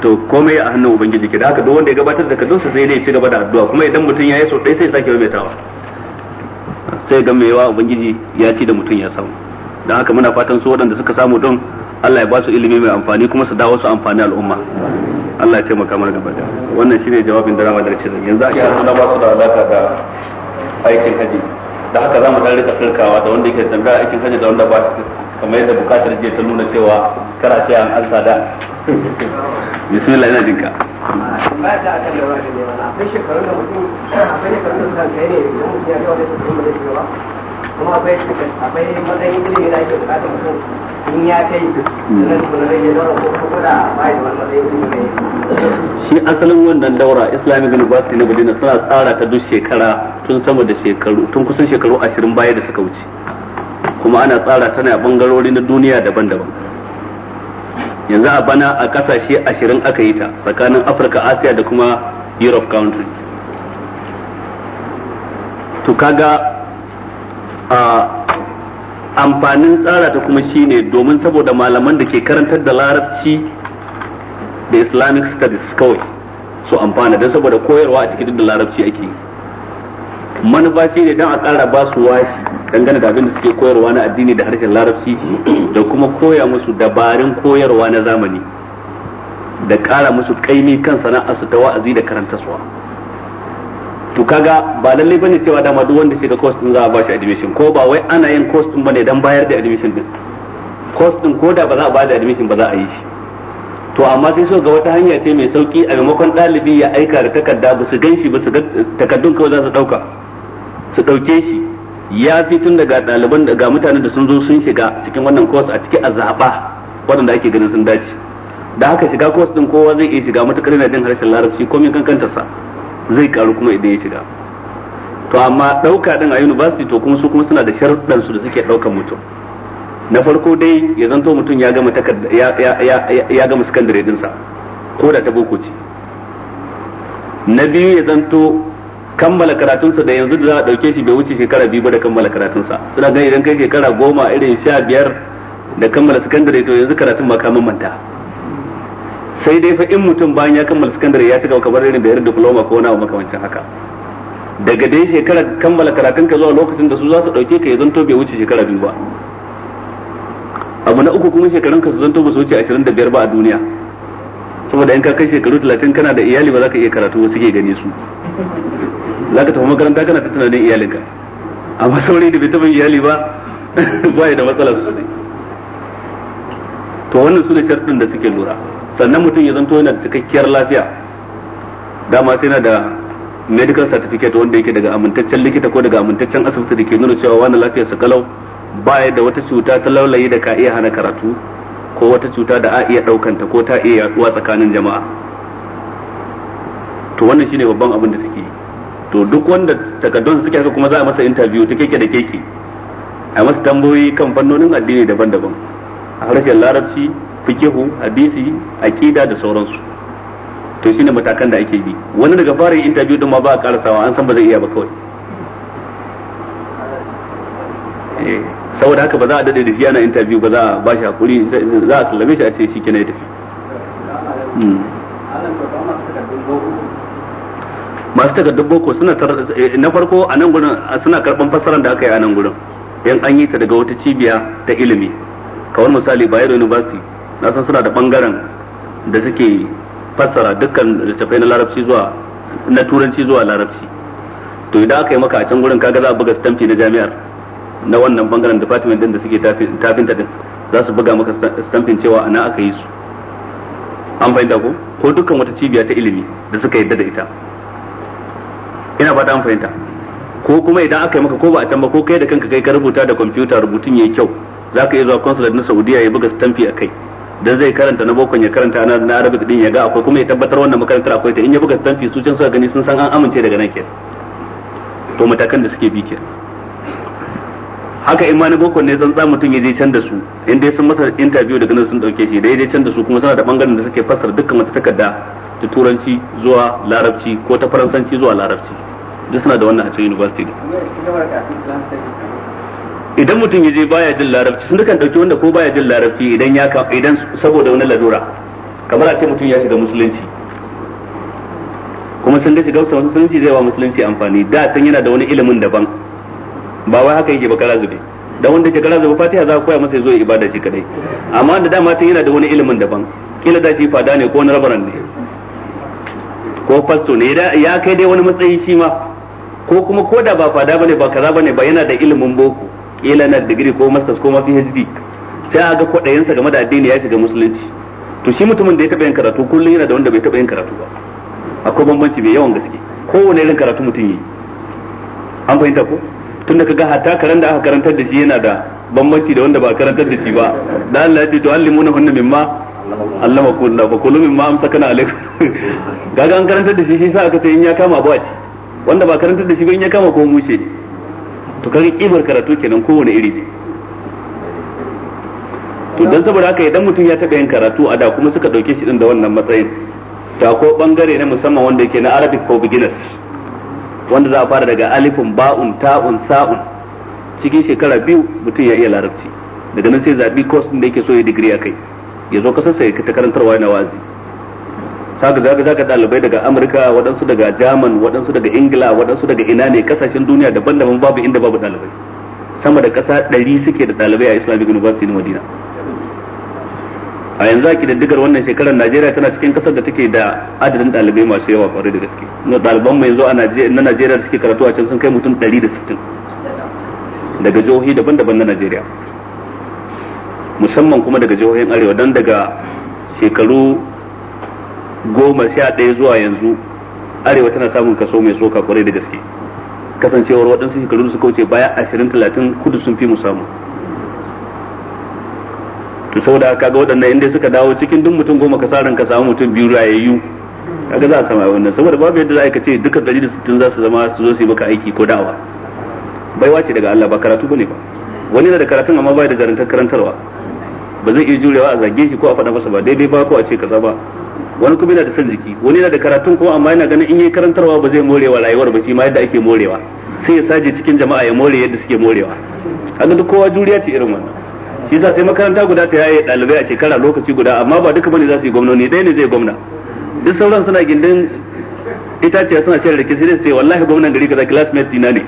to komai a hannun ubangiji ke da haka duk wanda ya gabatar da kadunsa sai dai ya ci gaba da addu'a kuma idan mutum ya yi so ɗaya sai ya sake maimaitawa sai ga mai yawa ubangiji ya ci da mutum ya samu don haka muna fatan su waɗanda suka samu don Allah ya ba su ilimi mai amfani kuma su dawo su amfani al'umma Allah ya taimaka mana gaba da wannan shine jawabin da Ramadan ce yanzu a yi na ba su da alaka da aikin haji da haka za mu dan rika firkawa da wanda yake tambaya aikin hajji da wanda ba kamar yadda bukatar jiya ta nuna cewa kara ce an alsa da bismillah ina jinka ba wani ne ba da mutum kai ne ya ga wani da ba kuma akwai akwai matsayin ilimi da yake bukatar mutum in shi asalin wannan daura islamic university na madina suna tsara ta duk shekara tun sama da shekaru tun kusan shekaru ashirin baya da suka wuce kuma ana tsara tana bangarori na duniya daban-daban yanzu a bana a kasashe ashirin aka yi ta tsakanin afirka asiya da kuma europe country to kaga a amfanin tsara ta kuma shi ne domin saboda malaman da ke karantar da larabci da islamic studies kawai su amfana don saboda koyarwa a cikin da larabci ake manufa shi ne don a tsara ba su washi dangane da abin da suke koyarwa na addini da harshen larabci da kuma koya musu dabarun koyarwa na zamani da kara musu kaimi kan su ta wa'azi da karantaswa. to kaga ba lallai bane cewa dama duk wanda shiga course din za a ba shi admission ko ba wai ana yin course din bane dan bayar da admission din course din ko da ba za a ba da admission ba za a yi shi to amma sai so ga wata hanya ce mai sauki a maimakon ɗalibi ya aika da takarda ba su ganshi ba su takardun kawai za su dauka su ɗauke shi ya fi tun daga ɗaliban daga mutanen da sun zo sun shiga cikin wannan course a ciki a zaɓa waɗanda ake ganin sun dace da haka shiga course din kowa zai iya shiga matukar yana jin harshen larabci komai kankantarsa sa zai karu kuma idan ya shiga to amma ɗauka ɗin a university to kuma su kuma suna da sharuɗan su da suke ɗaukan mutum na farko dai ya zanto mutum ya gama takarda ya ya ya gama secondary dinsa ko da ta boko ce na biyu ya zanto kammala karatunsa da yanzu da za a ɗauke shi bai wuce shekara biyu ba da kammala karatunsa suna ganin idan kai shekara goma irin sha biyar da kammala sakandare to yanzu karatun ba ka manta sai dai fa in mutum bayan ya kammala sakandare ya cika kamar irin da yar diploma ko na makamancin haka daga dai shekarar kammala karatun ka zuwa lokacin da su za su dauke ka ya zanto bai wuce shekara biyu ba abu na uku kuma shekarun ka su zanto ba su wuce 25 ba a duniya saboda in ka kai shekaru 30 kana da iyali ba za ka iya karatu wasu ke gane su za ka tafi makaranta kana ta tunanin iyalinka amma saurayi da bai taɓa iyali ba ba ya da matsala sosai to wannan su ne sharɗin da suke lura sannan mutum ya zanto yana da cikakkiyar lafiya dama sai yana da medical certificate wanda yake daga amintaccen likita ko daga amintaccen asibiti da ke nuna cewa wani lafiyar sa kalau baya da wata cuta ta laulayi da ka iya hana karatu ko wata cuta da a iya daukanta ko ta iya yaduwa tsakanin jama'a to wannan shine babban abin da suke to duk wanda takaddun suke haka kuma za a masa interview ta keke da keke a masa tambayoyi kan fannonin addini daban-daban a harshen larabci fikihu hadisi aqida da sauransu to shine matakan da ake bi wani daga fara yin interview din ma ba a karasawa an san ba zai iya ba kawai eh, saboda haka ba za a dade da shi ana interview ba za a ba shi hakuri za a sallame shi a ce shi ke ne tafi hmm. masu takardun boko suna eh, na farko a nan gurin suna karban fassarar da aka yi a nan gurin yan an yi ta daga wata cibiya ta ilimi kawai misali bayero university na san suna da bangaren da suke fassara dukkan littafai na larabci zuwa na turanci zuwa larabci to idan aka yi maka a can gurin kaga za a buga stamfi na jami'ar na wannan bangaren department din da suke tafinta din za su buga maka stamfin cewa ana aka yi su an fahimta ko ko dukkan wata cibiya ta ilimi da suka yadda da ita ina fata an fahimta ko kuma idan aka yi maka ko ba a can ba ko kai da kanka kai ka rubuta da kwamfuta rubutun yayi kyau za ka iya zuwa consulate na Saudiya ya buga stamfi a kai dan zai karanta na bokon ya karanta na na arabic din ya ga akwai kuma ya tabbatar wannan makarantar akwai ta in ya buga stamfi su can suka gani sun san an amince daga nan ke to matakan da suke bi ke haka in ma na bokon ne zan mutum ya je can da su in dai sun masa interview daga nan sun dauke shi da ya je can da su kuma suna da bangaren da suke fassara dukkan wata takarda ta turanci zuwa larabci ko ta faransanci zuwa larabci duk suna da wannan a cikin university idan mutum ya je baya jin larabci sun dukan dauki wanda ko baya jin larabci idan ya idan saboda wani lalura kamar a ce mutum ya shiga musulunci kuma sun da shiga musulunci zai wa musulunci amfani da san yana da wani ilimin daban ba wai haka yake ba kara zube da wanda ke kara zube fatiha za ka koya masa ya zo ya ibada shi kadai amma da dama tun yana da wani ilimin daban kila da shi fada ne ko wani rabaran ne ko fasto ne ya kai dai wani matsayi shi ma ko kuma ko da ba fada bane ba kaza bane ba yana da ilimin boko kila na digiri ko masters ko ma PhD sai a ga kwaɗayinsa game da addini ya shiga musulunci to shi mutumin da ya taɓa yin karatu kullum yana da wanda bai taɓa yin karatu ba akwai bambanci mai yawan gaske kowane irin karatu mutum yi an fahimta ko tun da kaga hatta karan da aka karantar da shi yana da bambanci da wanda ba karantar da shi ba da Allah ya ce to allimuna hunna mimma Allah makulla ba fa kullu mimma kana alaikum kaga an karantar da shi shi sa aka ce in ya kama ba wanda ba karantar da shi ba in ya kama ko mushe ne to kaga kimar karatu kenan kowane iri ne to dan saboda haka idan mutum ya taɓa yin karatu a da kuma suka ɗauke shi din da wannan matsayin to akwai bangare na musamman wanda yake na Arabic for beginners wanda za a fara daga alifun ba'un ta'un sa'un cikin shekara biyu mutum ya iya larabci daga nan sai zabi course din da yake so ya digiri a kai ya zo kasarsa ta karantarwa na wazi kaga zaga zaga dalibai daga Amurka waɗansu daga German waɗansu daga Ingila waɗansu daga ina ne kasashen duniya daban-daban babu inda babu dalibai sama da ƙasa ɗari suke da dalibai a Islamic University na Madina a yanzu da digar wannan shekarar Najeriya tana cikin kasar da take da adadin dalibai masu yawa kwarai da gaske na ɗaliban mai yanzu na Najeriya da suke karatu a can sun kai mutum ɗari da sittin daga jihohi daban-daban na Najeriya musamman kuma daga jihohin arewa don daga shekaru goma sha ɗaya zuwa yanzu arewa tana samun kaso mai soka kwarai da gaske kasancewar waɗansu shekaru suka wuce baya ashirin talatin kudu sun fi mu samu to saboda kaga waɗannan inda suka dawo cikin duk mutum goma ka sarin ka samu mutum biyu rayayyu kaga za a sama wannan saboda babu yadda za a ce duka ɗari da sittin za su zama su zo su yi maka aiki ko da'awa baiwa ce daga Allah ba karatu bane ba wani na da karatun amma bai da garantar karantarwa ba zai iya jurewa a zage shi ko a faɗa masa ba daidai ba ko a ce kaza ba wani kuma yana da son jiki wani yana da karatun kuma amma yana ganin in yi karantarwa ba zai morewa rayuwar ba shi ma yadda ake morewa sai ya saje cikin jama'a ya more yadda suke morewa kaga duk kowa juriya ce irin wannan shi yasa sai makaranta guda ta yaye dalibai a shekara lokaci guda amma ba duka bane za su yi gwamnati ɗaya ne zai gwamna duk sauran suna gindin ce suna shan da sai sai wallahi gwamnan gari kaza classmate dina ne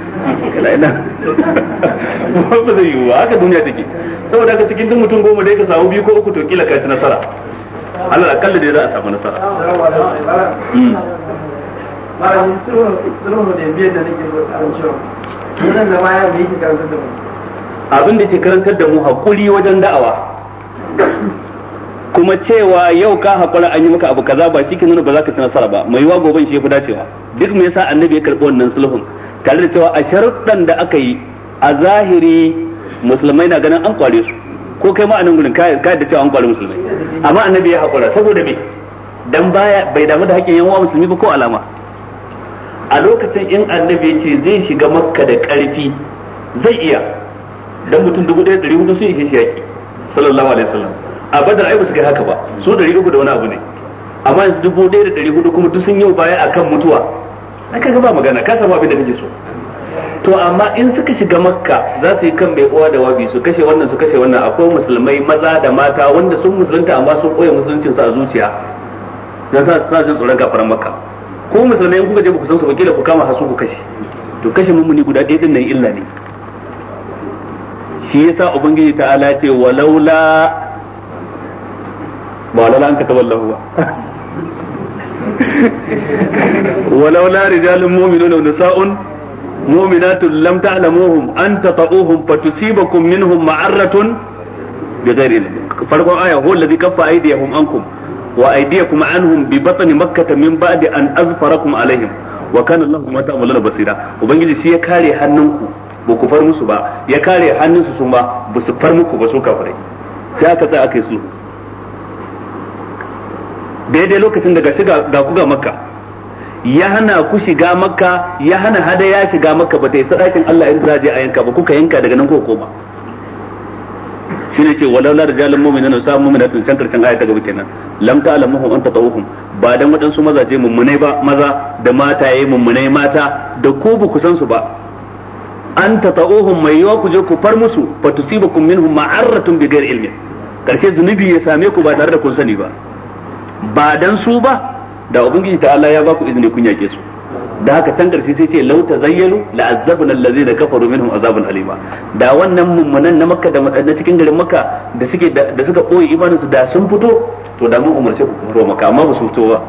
kala ina ba zai yiwu haka duniya take saboda ka cikin duk mutum goma dai ka samu biyu ko uku to kila kai nasara alal akalli dai za a samu nasara abin da ke karantar da mu haƙuri wajen da'awa kuma cewa yau ka haƙura an yi maka abu kaza ba shi ke nuna ba za ka ci nasara ba mai yiwa goben shi ya fi dacewa duk me yasa annabi ya karɓi wannan sulhun tare da cewa a sharuɗɗan da aka yi a zahiri musulmai na ganin an kware su ko kai ma a nan gurin ka yadda cewa an kware musulmai amma annabi ya haƙura saboda me dan baya bai damu da haƙƙin yan musulmi ba ko alama a lokacin in annabi ce zai shiga makka da ƙarfi zai iya dan mutum dubu ɗaya ɗari hudu sun ishe shi yaƙi sallallahu alaihi wasallam a badar ai ba su kai haka ba su ɗari uku da wani abu ne amma yanzu dubu ɗaya da ɗari hudu kuma duk sun yau baya akan mutuwa aka ga ba magana ka samu abin da kake so to amma in suka shiga makka za su yi kan mai uwa da wabi su kashe wannan su kashe wannan akwai musulmai maza da mata wanda sun musulunta amma sun koya musuluncin su a zuciya da sa su jin tsoron gafaran makka ko musulmai in kuka je ku san su bakila ku kama hasu ku kashe to kashe mummuni guda ɗaya din nan illa ne shi yasa ubangiji ta'ala ce walaula ba an ka tawallahu ba walaula rijalun mu'minuna wa nisa'un mu'minatun lam ta'lamuhum an tata'uhum fatusibakum minhum ma'arratun bighairi farkon aya huwa alladhi kaffa aydiyahum ankum wa aydiyakum anhum bi batni makkah min ba'di an azfarakum alaihim wa kana Allahu ma ta'maluna basira ubangiji shi ya kare hannunku ba ku musu ba ya kare hannunsu su ba su far ba su kafirai sai aka tsaya aka yi daidai lokacin da gashi ga ku ga makka ya hana ku shiga makka ya hana hada ya shiga makka ba ta yi sadakin Allah in za je a yanka ba kuka yanka daga nan ko koma shine ce walau la rijalun mu'minina sa mu'minatun can karshen ayata ta gaba kenan lam ta'lamuhum an tatawuhum ba dan waɗansu mazaje mummunai ba maza da mata yi mummunai mata da ko ba ku san su ba an tatawuhum mai yawa ku je ku far musu fa tusibakum minhum ma'arratun bi ghairi ilmin karshe zunubi ya same ku ba tare da kun sani ba ba dan su ba da ubangiji ta Allah ya ba ku izini kun yake su da haka can karshe sai ce law tazayyalu la azabna allazina kafaru minhum azabun alima da wannan mummunan na makka da na cikin garin makka da suke da suka koyi imanin su da sun fito to da mun umarce ku fito makka amma ba su fito ba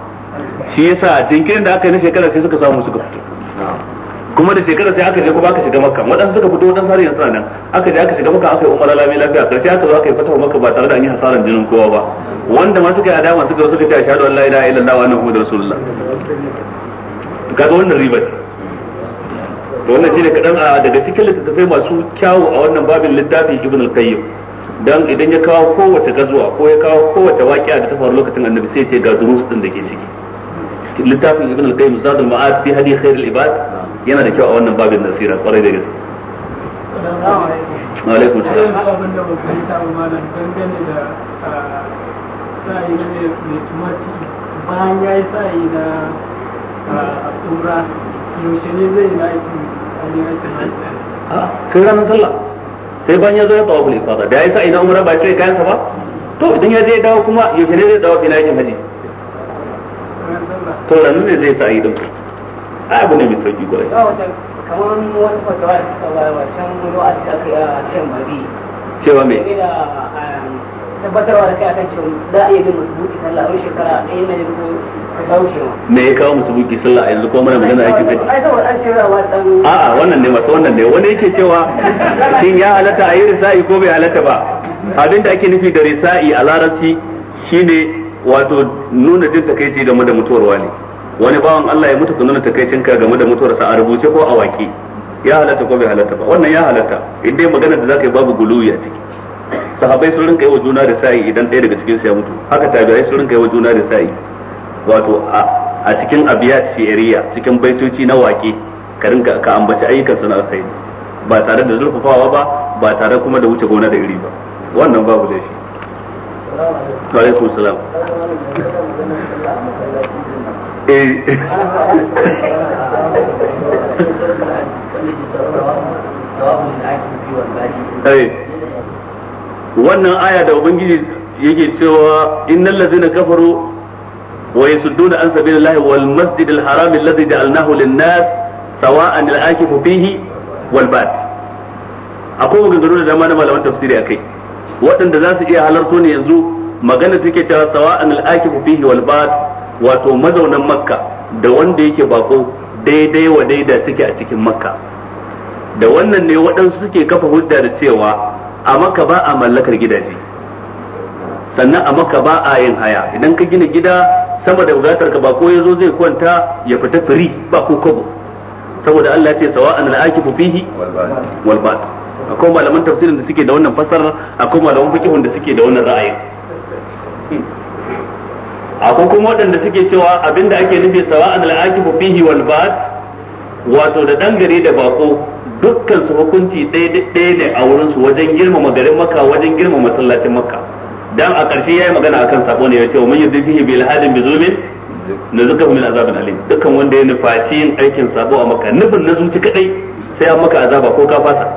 shi yasa jinkirin da aka yi na shekara sai suka samu suka fito kuma da shekara sai aka je kuma aka shiga makka waɗansu suka fito wadansu har yanzu nan aka je aka shiga makka aka yi umara lami lafiya karshe aka zo aka yi fatawa makka ba tare da an yi hasaran jinin kowa ba wanda ma suka yi adama suka zo suka ce ashhadu an la ilaha illallah wa anna muhammadar rasulullah kaga wannan riba ce to wannan shine kadan ah, daga cikin littattafai masu kyawu a wannan babin littafin ibn al-qayyim dan idan ya kawo kowace gazuwa ko ya kawo kowace waƙiya da ta faru lokacin annabi sai ya ce ga durus din da ke ciki littafin ibn al-qayyim zadul ma'ad fi hadi khairul ibad yana da kyau a wannan babin nasira kwarai da gaske alaikum salam abin da ba fahimta ba malam dangane da ah, sa'i na mai tumati bayan ya yi sa'i na tsura ah, yaushe ne zai na aiki a ah, sai ranar sallah sai bayan ya zo ya tsawa kuli fata da ya yi sa'i na ba sai kayansa ba to idan ya je dawo kuma yaushe ne zai dawo fina yakin haji to ranar ne zai sa'i a abu ne mai sauki kwarai kamar wani fatawa da suka bayar wancan wani wa'azi a cikin yi a cin babi cewa me um, tabbatarwa da kai kan cewa za a iya bin musu musubuki sallah wani shekara a ɗaya na yin me ya kawo musu buki sallah yanzu ko mana magana yake kai a'a wannan ne masu wannan ne wani yake cewa kin ya halatta a yi risa'i ko bai halatta ba abin da ake nufi da risa'i a larabci shine wato nuna jin takaici game da mutuwar wani wani bawan Allah ya mutu ka nuna takaicin ka game da mutuwarsa a rubuce ko a waki ya halatta ko bai halatta ba wannan ya halatta in dai magana da zaka yi babu guluwi a ciki sahabbai sun rinka yi wa juna da sa'i idan ɗaya daga cikin su ya mutu haka tabi'ai sun rinka yi wa juna da sa'i wato a cikin abiyat shi'ariya cikin baitoci na waƙe ka rinka ka ambaci ayyukan sana'a sai ba tare da zurfafawa ba ba tare kuma da wuce gona da iri ba wannan babu laifi alaikum salam Eh. wannan aya da ubangiji yake cewa innal ladzina kafaru wa yasudduna an sabilillahi wal al haram alladhi ja'alnahu lin-nas sawa'an al-akifu fihi wal bat akwai maganganu da dama na malaman tafsiri akai waɗanda za su iya halarto ne yanzu magana take cewa sawa'an al-akifu fihi wal bat wato mazaunan makka da wanda yake bako daidai wa daida suke a cikin makka da wannan ne waɗansu suke kafa hujja da cewa a makka ba a mallakar gidaje sannan a makka ba a yin haya idan ka gina gida sama da bukatar ka bako ya zo zai kwanta ya fita firi ba ko kobo saboda Allah ya ce an al-akifu fihi wal akwai malaman tafsirin da suke da wannan fasarar akwai malaman fiqhun da suke da wannan ra'ayin akwai kuma waɗanda suke cewa abinda ake nufi sawa'an al'akifu fihi wal ba'd wato da dan gari da bako dukkan su hukunci ɗaya ne a wurin su wajen girmama garin makka wajen girmama masallacin makka dan a ƙarshe yayi magana akan sabo ne ya ce man yudhi fihi bil hadin bizumin nazukahu min azabin alim dukkan wanda ya nufaci yin aikin sabo a makka nufin na zuci kadai sai an maka azaba ko ka fasa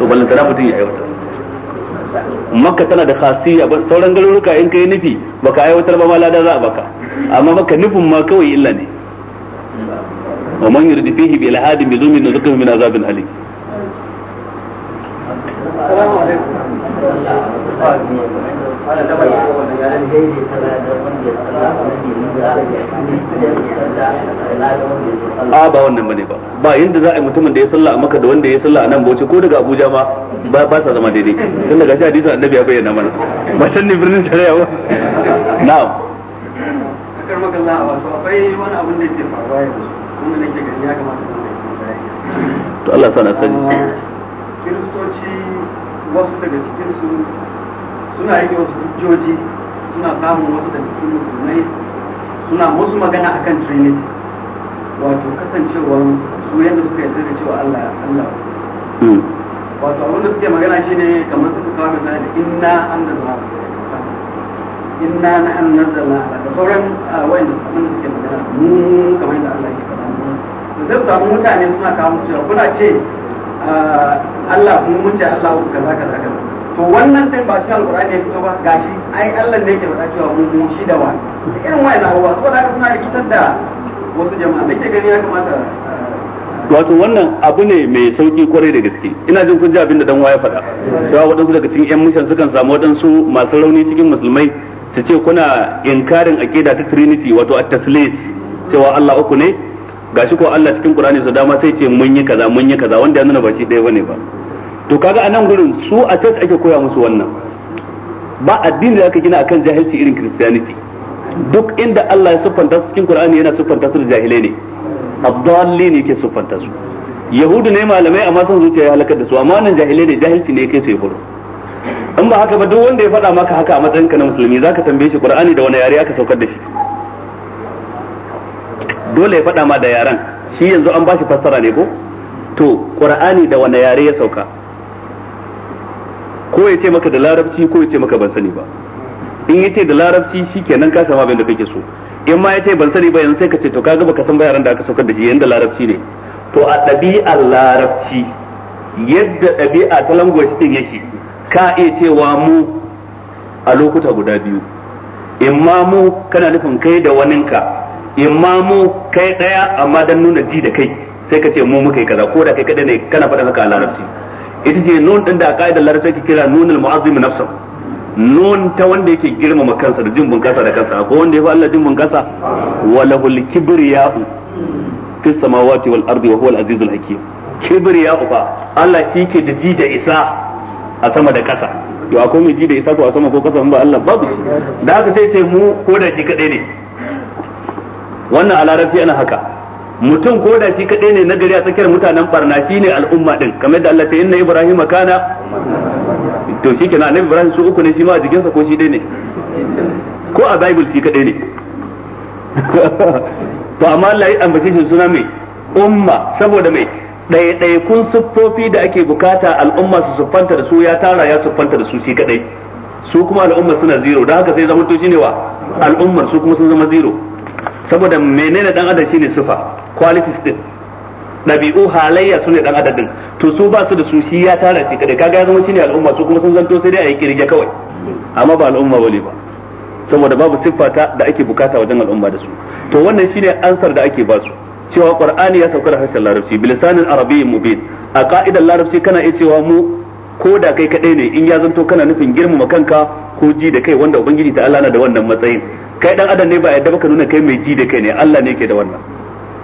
to ballantana mutum ya aiwata makka tana da khasiyya ba sauran garuruka in kai nufi baka aiwatar ba malada za baka amma makka nufin ma kawai illa ne wa man yuridu fihi bil hadim bi zumin nuzukum min azabin alim assalamu alaikum a ba wannan bane ba ba yanda za a yi mutumin da ya salla a maka da wanda ya salla a nan bauchi ko daga abuja ma ba sa zama daidai tun daga shi hadisin annabi ya bayyana mana ba san ne birnin tare yawa. na'am abu a akwai wani abin da ke faruwa yanzu kuma nake gani ya kamata to Allah sana sani kiristoci wasu daga cikin su suna rike wasu hujjoji suna samun wasu da cikin musulmai suna wasu magana a kan trinity wato kasancewa su yadda suka yarda da cewa Allah Allah hmm. wato a da suke magana shine kamar suka kawo misali da inna anzalna inna na anzalna da sauran ah, wayan da suke magana mu kamar da Allah ya faɗa mu zai samu mutane suna kawo cewa kuna ce ah, Allah kuma mun ce Allah kaza kaza kaza to wannan sai ba shi alƙur'ani ya fito ba gashi ai Allah ne yake faɗa cewa mun shi da wa irin wannan abubuwa saboda haka suna rikitar da wasu jama'a da gani ya kamata eh, wato wannan abu ne mai sauki kwarai da gaske ina jin kun ji abin da dan waya faɗa cewa waɗansu daga cikin yan mishan sukan samu waɗansu masu rauni cikin musulmai su ce kuna inkarin aqida ta trinity wato at-taslis cewa Allah uku ne gashi ko Allah cikin Qur'ani su dama sai ce mun yi kaza mun yi kaza wanda ya nuna ba shi ɗaya bane ba to kaga a nan gurin su a church ake koya musu wannan ba addini da aka gina akan jahilci irin christianity duk inda Allah ya siffanta su cikin Qur'ani yana siffanta su da jahilai ne abdalli ne ke siffanta su yahudu ne malamai amma sun zuciya ya halakar da su amma nan jahilai ne jahilci ne yake su ya in ba haka ba duk wanda ya faɗa maka haka a matsayin ka na musulmi zaka tambaye shi Qur'ani da wani yare aka saukar da shi dole ya faɗa ma da yaran shi yanzu an ba shi fassara ne ko to Qur'ani da wani yare ya sauka ko ya ce maka da larabci ko ya ce maka ban sani ba in ya ce da larabci kenan ka sama abin da kake so in ma ya ce ban sani ba yanzu sai ka ce to ka ga baka san bayaran da aka saukar da shi yanda larabci ne to a ɗabi'ar larabci yadda ɗabi'a ta language din yake ka iya cewa mu a lokuta guda biyu In ma mu kana nufin kai da waninka ma mu kai ɗaya amma dan nuna ji da kai sai ka ce mu muka yi kaza ko da kai kaɗai ne kana faɗin haka a larabci ita ce nun din da a ka'idar larabci ke kira nunul mu'azzim nafsa nun ta wanda yake girmama kansa da jin bunkasa da kansa ko wanda yafi Allah jin bunkasa walahul kibriya'u fi samawati wal ardi wa huwa al azizul hakim kibriya'u fa Allah shi ke da ji da isa a sama da kasa to akwai mai ji da isa ko a sama ko kasa ba Allah babu shi da haka sai ce mu ko da shi kadai ne wannan a larabci ana haka mutum ko da shi kadai ne na gari a tsakiyar mutanen barna ne al'umma din kamar da Allah ta yi na Ibrahim kana to na, annabi Ibrahim su uku ne shi ma a jikinsa ko shi dai ne ko a Bible shi kadai ne to amma Allah ya ambace shi suna mai umma saboda mai kun siffofi da ake bukata al'umma su siffanta da su ya tara ya siffanta da su shi kadai su kuma al'umma suna zero da haka sai zama to ne wa al'ummar su kuma sun zama zero saboda menene dan adam shine sifa qualities din dabi'u halayya su ne ɗan adadin to su ba su da su shi ya tara shi kada kaga ya zama shine al'umma su kuma sun zanto sai dai a yi kirge kawai amma ba al'umma bane ba saboda babu siffa da ake bukata wajen al'umma da su to wannan shine ansar da ake ba su cewa qur'ani ya sauka da harshen larabci bilisanin arabiy mubin a ka'idar larabci kana iya cewa mu ko da kai kadai ne in ya zanto kana nufin girmama kanka ko ji da kai wanda ubangiji ta Allah na da wannan matsayin kai dan adam ne ba yadda baka nuna kai mai ji da kai ne Allah ne ke da wannan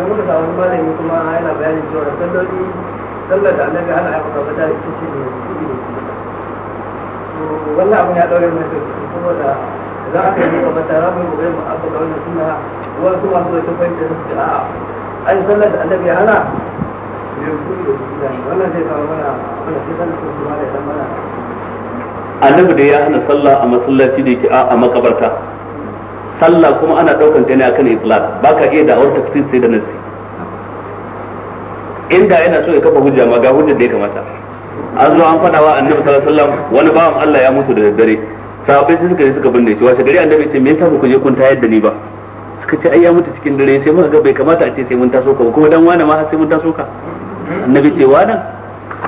sai muka samu malami kuma yana bayanin cewa salloli sallar da annabi ana aika kafa ta ita ce ne kuɗi ne to wannan abun ya ɗaure mai kai saboda idan aka yi kafa ta ramu gobe mu aka ga wannan sunna wasu masu da tafai da suke a'a an sallar da annabi ya hana wannan zai kawo mana wannan sai sallar da kuma da ya mana annabi da ya hana sallah a masallaci da yake a makabarta sallah kuma ana daukan ta ne akan islam baka iya da awar tafsir sai da nassi inda yana so ya kafa hujja ma ga hujjar da ya kamata an zo an fada wa annabi sallallahu alaihi wasallam wani bawan Allah ya mutu da daddare sahabbai sai suka yi suka binne shi washe gari annabi ce me yasa ku je kun tayar da ni ba suka ce ai ya mutu cikin dare sai muka ga bai kamata a ce sai mun taso ka kuma dan wani ma har sai mun taso ka annabi ce wani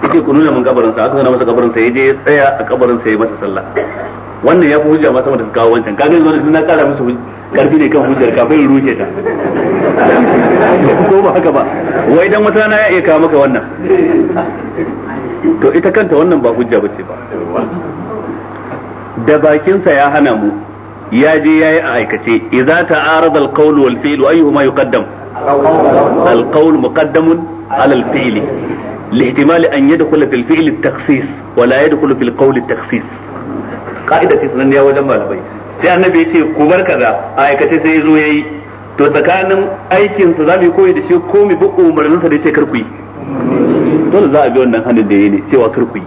yake ku nuna mun kabarin sa aka nuna masa kabarin sa yaje ya tsaya a kabarin sa ya masa sallah wannan ya fi hujja ma sama da su kawo wancan kaga yanzu wannan na kara musu karfi ne kan hujjar kafin rushe ta ko ba haka ba wai dan wata na ya iya kawo maka wannan to ita kanta wannan ba hujja ba ce ba da bakinsa ya hana mu ya je yayi a aikace idza ta'arada al-qawl wal fi'l ayyuhuma yuqaddam al-qawl muqaddamun ala al-fi'l lihtimali an yadkhula fil fi'l at-takhsis wa la yadkhulu fil qawl at-takhsis ka'ida ce sananniya wajen malamai sai annabi ya ce ku bar kaza a aikace sai ya zo yayi to tsakanin aikin sa zamu koyi da shi ko mu bi umarnin sa da yace kar ku yi dole za a bi wannan hannun da yayi ne cewa kar ku yi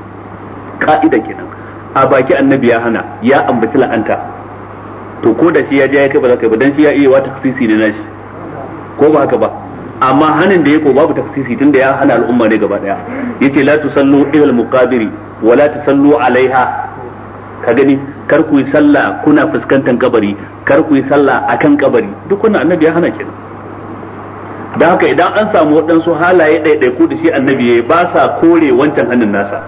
ka'ida kenan a baki annabi ya hana ya ambaci la'anta to ko da shi ya je ya kai ba za ka yi ba dan shi ya iya wata taksisi ne nashi ko ba haka ba amma hanin da yake babu taksisi tunda ya hana al'umma ne gaba daya yace la tusallu ilal muqabiri wala tusallu alaiha ka gani kar ku yi sallah kuna fuskantar kabari kar ku yi sallah akan kabari duk wannan annabi ya hana kenan da haka idan an samu waɗansu halaye ɗaiɗaiku da shi annabi ya ba sa kore wancan hannun nasa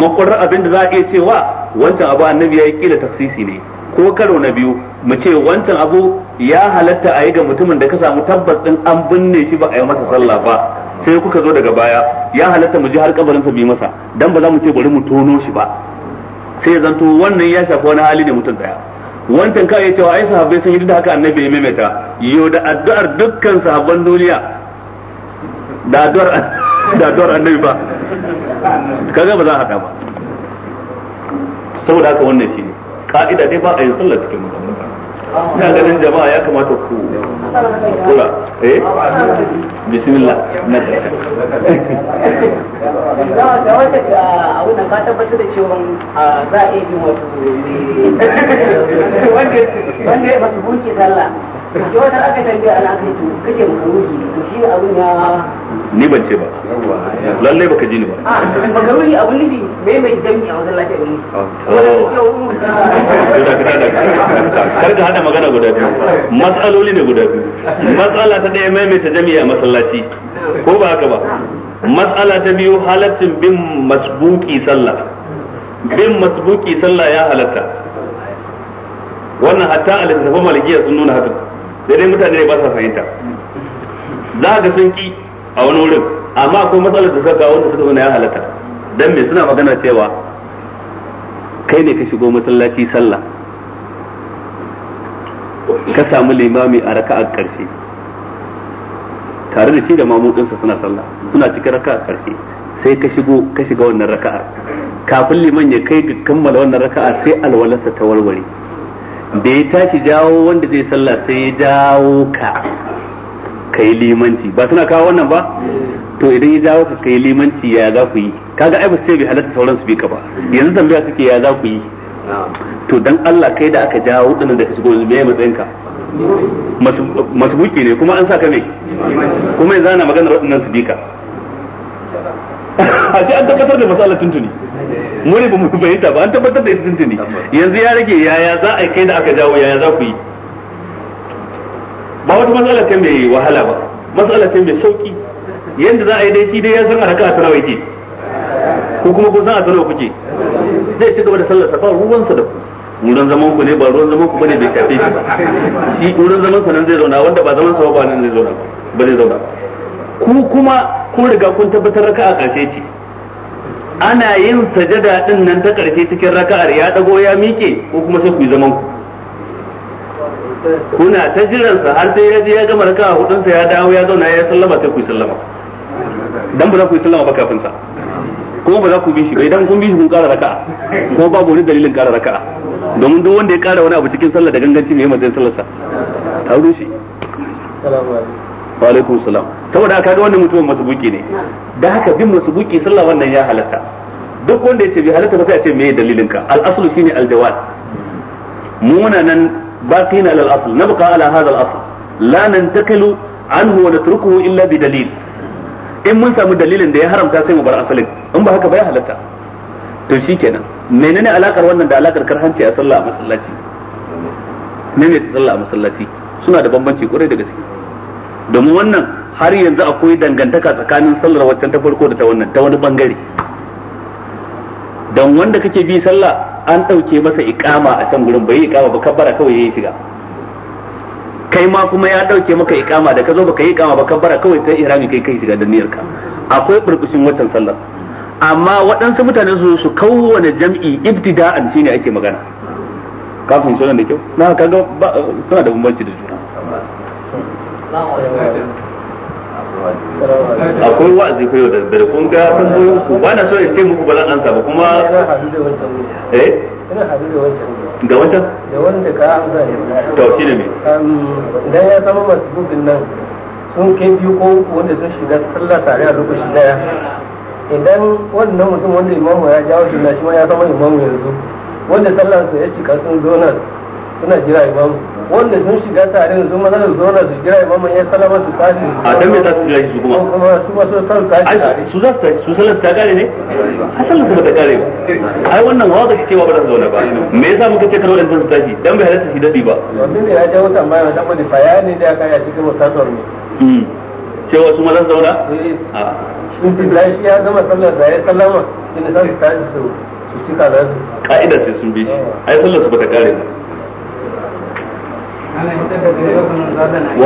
makwarar abin da za a iya cewa wancan abu annabi ya yi kila tafsisi ne ko karo na biyu mu ce wancan abu ya halatta a yi ga mutumin da ka samu tabbas ɗin an binne shi ba a yi masa sallah ba sai kuka zo daga baya ya halatta mu ji har kabarinsa bi masa dan ba za mu ce bari mu tono shi ba sai ya zanto wannan ya shafi wani hali ne mutum daya wancan kawai cewa ai sahabbai sun yi da haka annabi ya maimaita yo da addu'ar dukkan sahabban duniya da addu'ar da addu'ar annabi ba kaga ba za a hada ba saboda haka wannan shine ka'ida dai ba a yin sallah cikin mutum ina ganin jama'a ya kamata ku kula eh bismillah na da wata ka tabbatar da cewa za a iya wato wanda wanda ya mutu bunki sallah ke wata aka tambaya ana kai yi kace makaruhi to shi abun ya ni ban ce ba lallai baka ji ni ba a ah, makaruhi abun nufi me mai jami'i a wajen lafiya ne oh, oh. kar ka hada magana guda biyu matsaloli ne guda biyu matsala ta ɗaya maimaita jami'i a masallaci ko ba haka ba matsala ta biyu halaccin bin masbuki sallah bin masbuki sallah ya halatta wannan hatta a littattafan malikiya sun nuna haka sai dai mutane ba sa fahimta za ga sun ki a wani wurin amma akwai matsalar da suka wanda suka zuna ya halatta dan me suna magana cewa kai ne ka shigo masallaci sallah ka samu limami a raka'ar karshe tare da shi da mamudinsa suna sallah suna cikin raka'ar karshe sai ka shigo ka shiga wannan raka'a kafin liman ya kai ga kammala wannan raka'a sai alwalarsa ta warware da ya tashi jawo wanda zai sallah sai ya jawo ka kai limanci ba suna kawo wannan ba to idan ya jawo ka kai limanci ya za ku yi kaga ai ba sai bai halatta sauran su bi ka ba yanzu tambaya suke ya za ku yi to dan Allah kai da aka jawo din da shi gobe mai matsayin ka masbuki ne kuma an sa ka ne kuma yanzu ana maganar waɗannan su bi ka a ce an tabbatar da masalar tuntuni mu ne ba mu fahimta ba an tabbatar da ita tuni yanzu ya rage yaya za a kai da aka jawo yaya za ku yi ba wata matsala ta mai wahala ba matsala ta mai sauki yanda za a yi dai shi dai ya san a raka'a tana ke ko kuma ko san a tana kuke zai ci gaba da sallar safa sa da ku wurin zaman ku ne ba ruwan zaman ku bane bai shafe shi ba shi wurin zaman ku nan zai zauna wanda ba zaman sa ba nan zai zauna ba zai zauna ku kuma kun riga kun tabbatar raka'a karshe ce ana yin sajada din nan ta karshe cikin raka'ar ya dago ya miƙe ko kuma sai ku yi zaman ku kuna ta sa har sai ya je ya gama raka'a hudun sa ya dawo ya zauna ya sallama sai ku yi sallama dan ba za ku yi sallama ba kafin sa kuma ba za ku bi shi ba idan kun bi shi kun kara raka'a ba bu wani dalilin kara raka'a domin duk wanda ya kara wani abu cikin sallah da ganganci mai matsayin sallarsa ta alaikum. wa alaikum salam saboda ga wannan mutumin masubuki ne da haka bin masubuki sallah wannan ya halatta duk wanda yace bi halatta ba sai a ce meye dalilin ka al aslu shine al jawaz muna nan baqina al asl nabqa ala hadha al asl la nantakilu anhu wa natrukuhu illa bi dalil in mun samu dalilin da ya haramta sai mu bar asalin in ba haka ba ya halatta to shikenan menene alakar wannan da alakar karhanci a sallah a masallaci menene sallah a masallaci suna da bambanci kwarai da gaske domin wannan har yanzu akwai dangantaka tsakanin sallar waccan ta farko da ta wannan ta wani bangare don wanda kake bi sallah an ɗauke masa ikama a can gurin bai yi iƙama ba kabbara kawai ya yi shiga kai ma kuma ya ɗauke maka ikama da ka zo baka yi ikama ba kabbara kawai ta irami kai kai shiga da ka akwai burkushin waccan sallar amma waɗansu mutane su su kowane jam'i ibtida'an shine ake magana kafin sunan da kyau na kaga suna da bambanci da juna akwai wa'azi ko yau da dare kun ga tambayoyin ku ba na so in ce muku ba zan ansa ba kuma eh ga wancan da wanda ka amsa ne to shine me idan ya samu masbubin nan sun kai biyu ko uku wanda sun shiga sallah tare a lokaci daya idan wannan mutum wanda imamu ya jawo shi na shi ma ya zama imamu yanzu wanda sallah su ya cika sun zo nan suna jira imamu wanda sun shiga tare sun maza da zauna su jira imam ya salama su tashi a dan me za su jira su kuma kuma su ba su san tashi su za su su ta kare ne asalin su ba ta kare ba ai wannan waza ke cewa ba da su ba me yasa muka ce karwa dan su tashi dan bai halatta shi dadi ba wannan ne ya jawo tambaya dan bane bayani da aka ya a cikin mutasar ne hmm. cewa su ma za zauna a sun fi shi ya gama sallar da ya sallama sun tashi su su cika da su ka'idar sai sun bi shi eh. ai sallar su ba ta kare ba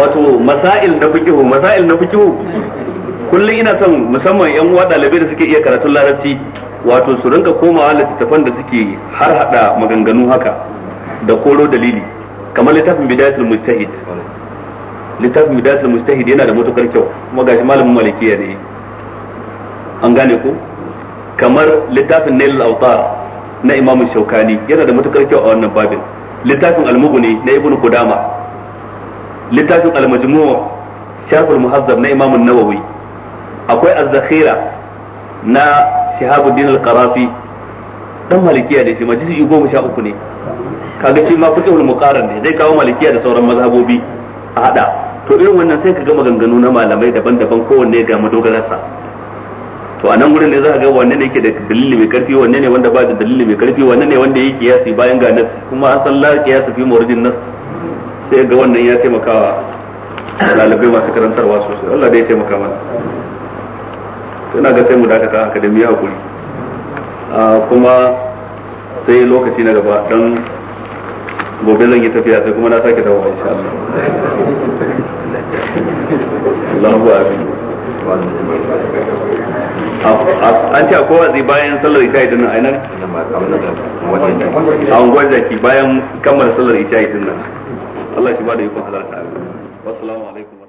wato masail na fikihu masail na fikihu kullum ina son musamman yan uwa dalibai da suke iya karatun larabci wato su rinka komawa littattafan da suke har hada maganganu haka da koro dalili kamar littafin bidayatul mujtahid littafin bidayatul mujtahid yana da matukar kyau kuma gashi malamin malikiya ne an gane ko kamar littafin nail al-awtar na imamu shaukani yana da matukar kyau a wannan babin littafin almuguni na ibn kudama littafin almajmu majmu muhazzab na imam an-nawawi akwai az-zakhira na shahabuddin al-qarafi dan malikiya ne shi ma goma sha uku ne kaga shi ma fiqhul muqaran ne zai kawo malikiya da sauran mazhabobi a hada to irin wannan sai ka ga maganganu na malamai daban-daban kowanne ga madogararsa to a nan gurin ne za a ga wanne ne yake da dalili mai karfi wanne ne wanda ba da dalili mai karfi wanne ne wanda yake kiyasi bayan ga nas kuma an san la kiyasi fi murjin nas sai ga wannan ya taimakawa dalibai masu karantarwa sosai Allah dai ya taimaka mana suna ga sai mu dakata akademiya hakuri kuma sai lokaci na gaba dan gobe zan yi tafiya sai kuma na sake dawowa insha Allah Allahu akbar an ce akwai watsi bayan sallar isha din nan a nan a unguwar zaki bayan kammala sallar isha din nan Allah shi ba da yi yukun halarta wasu alaikum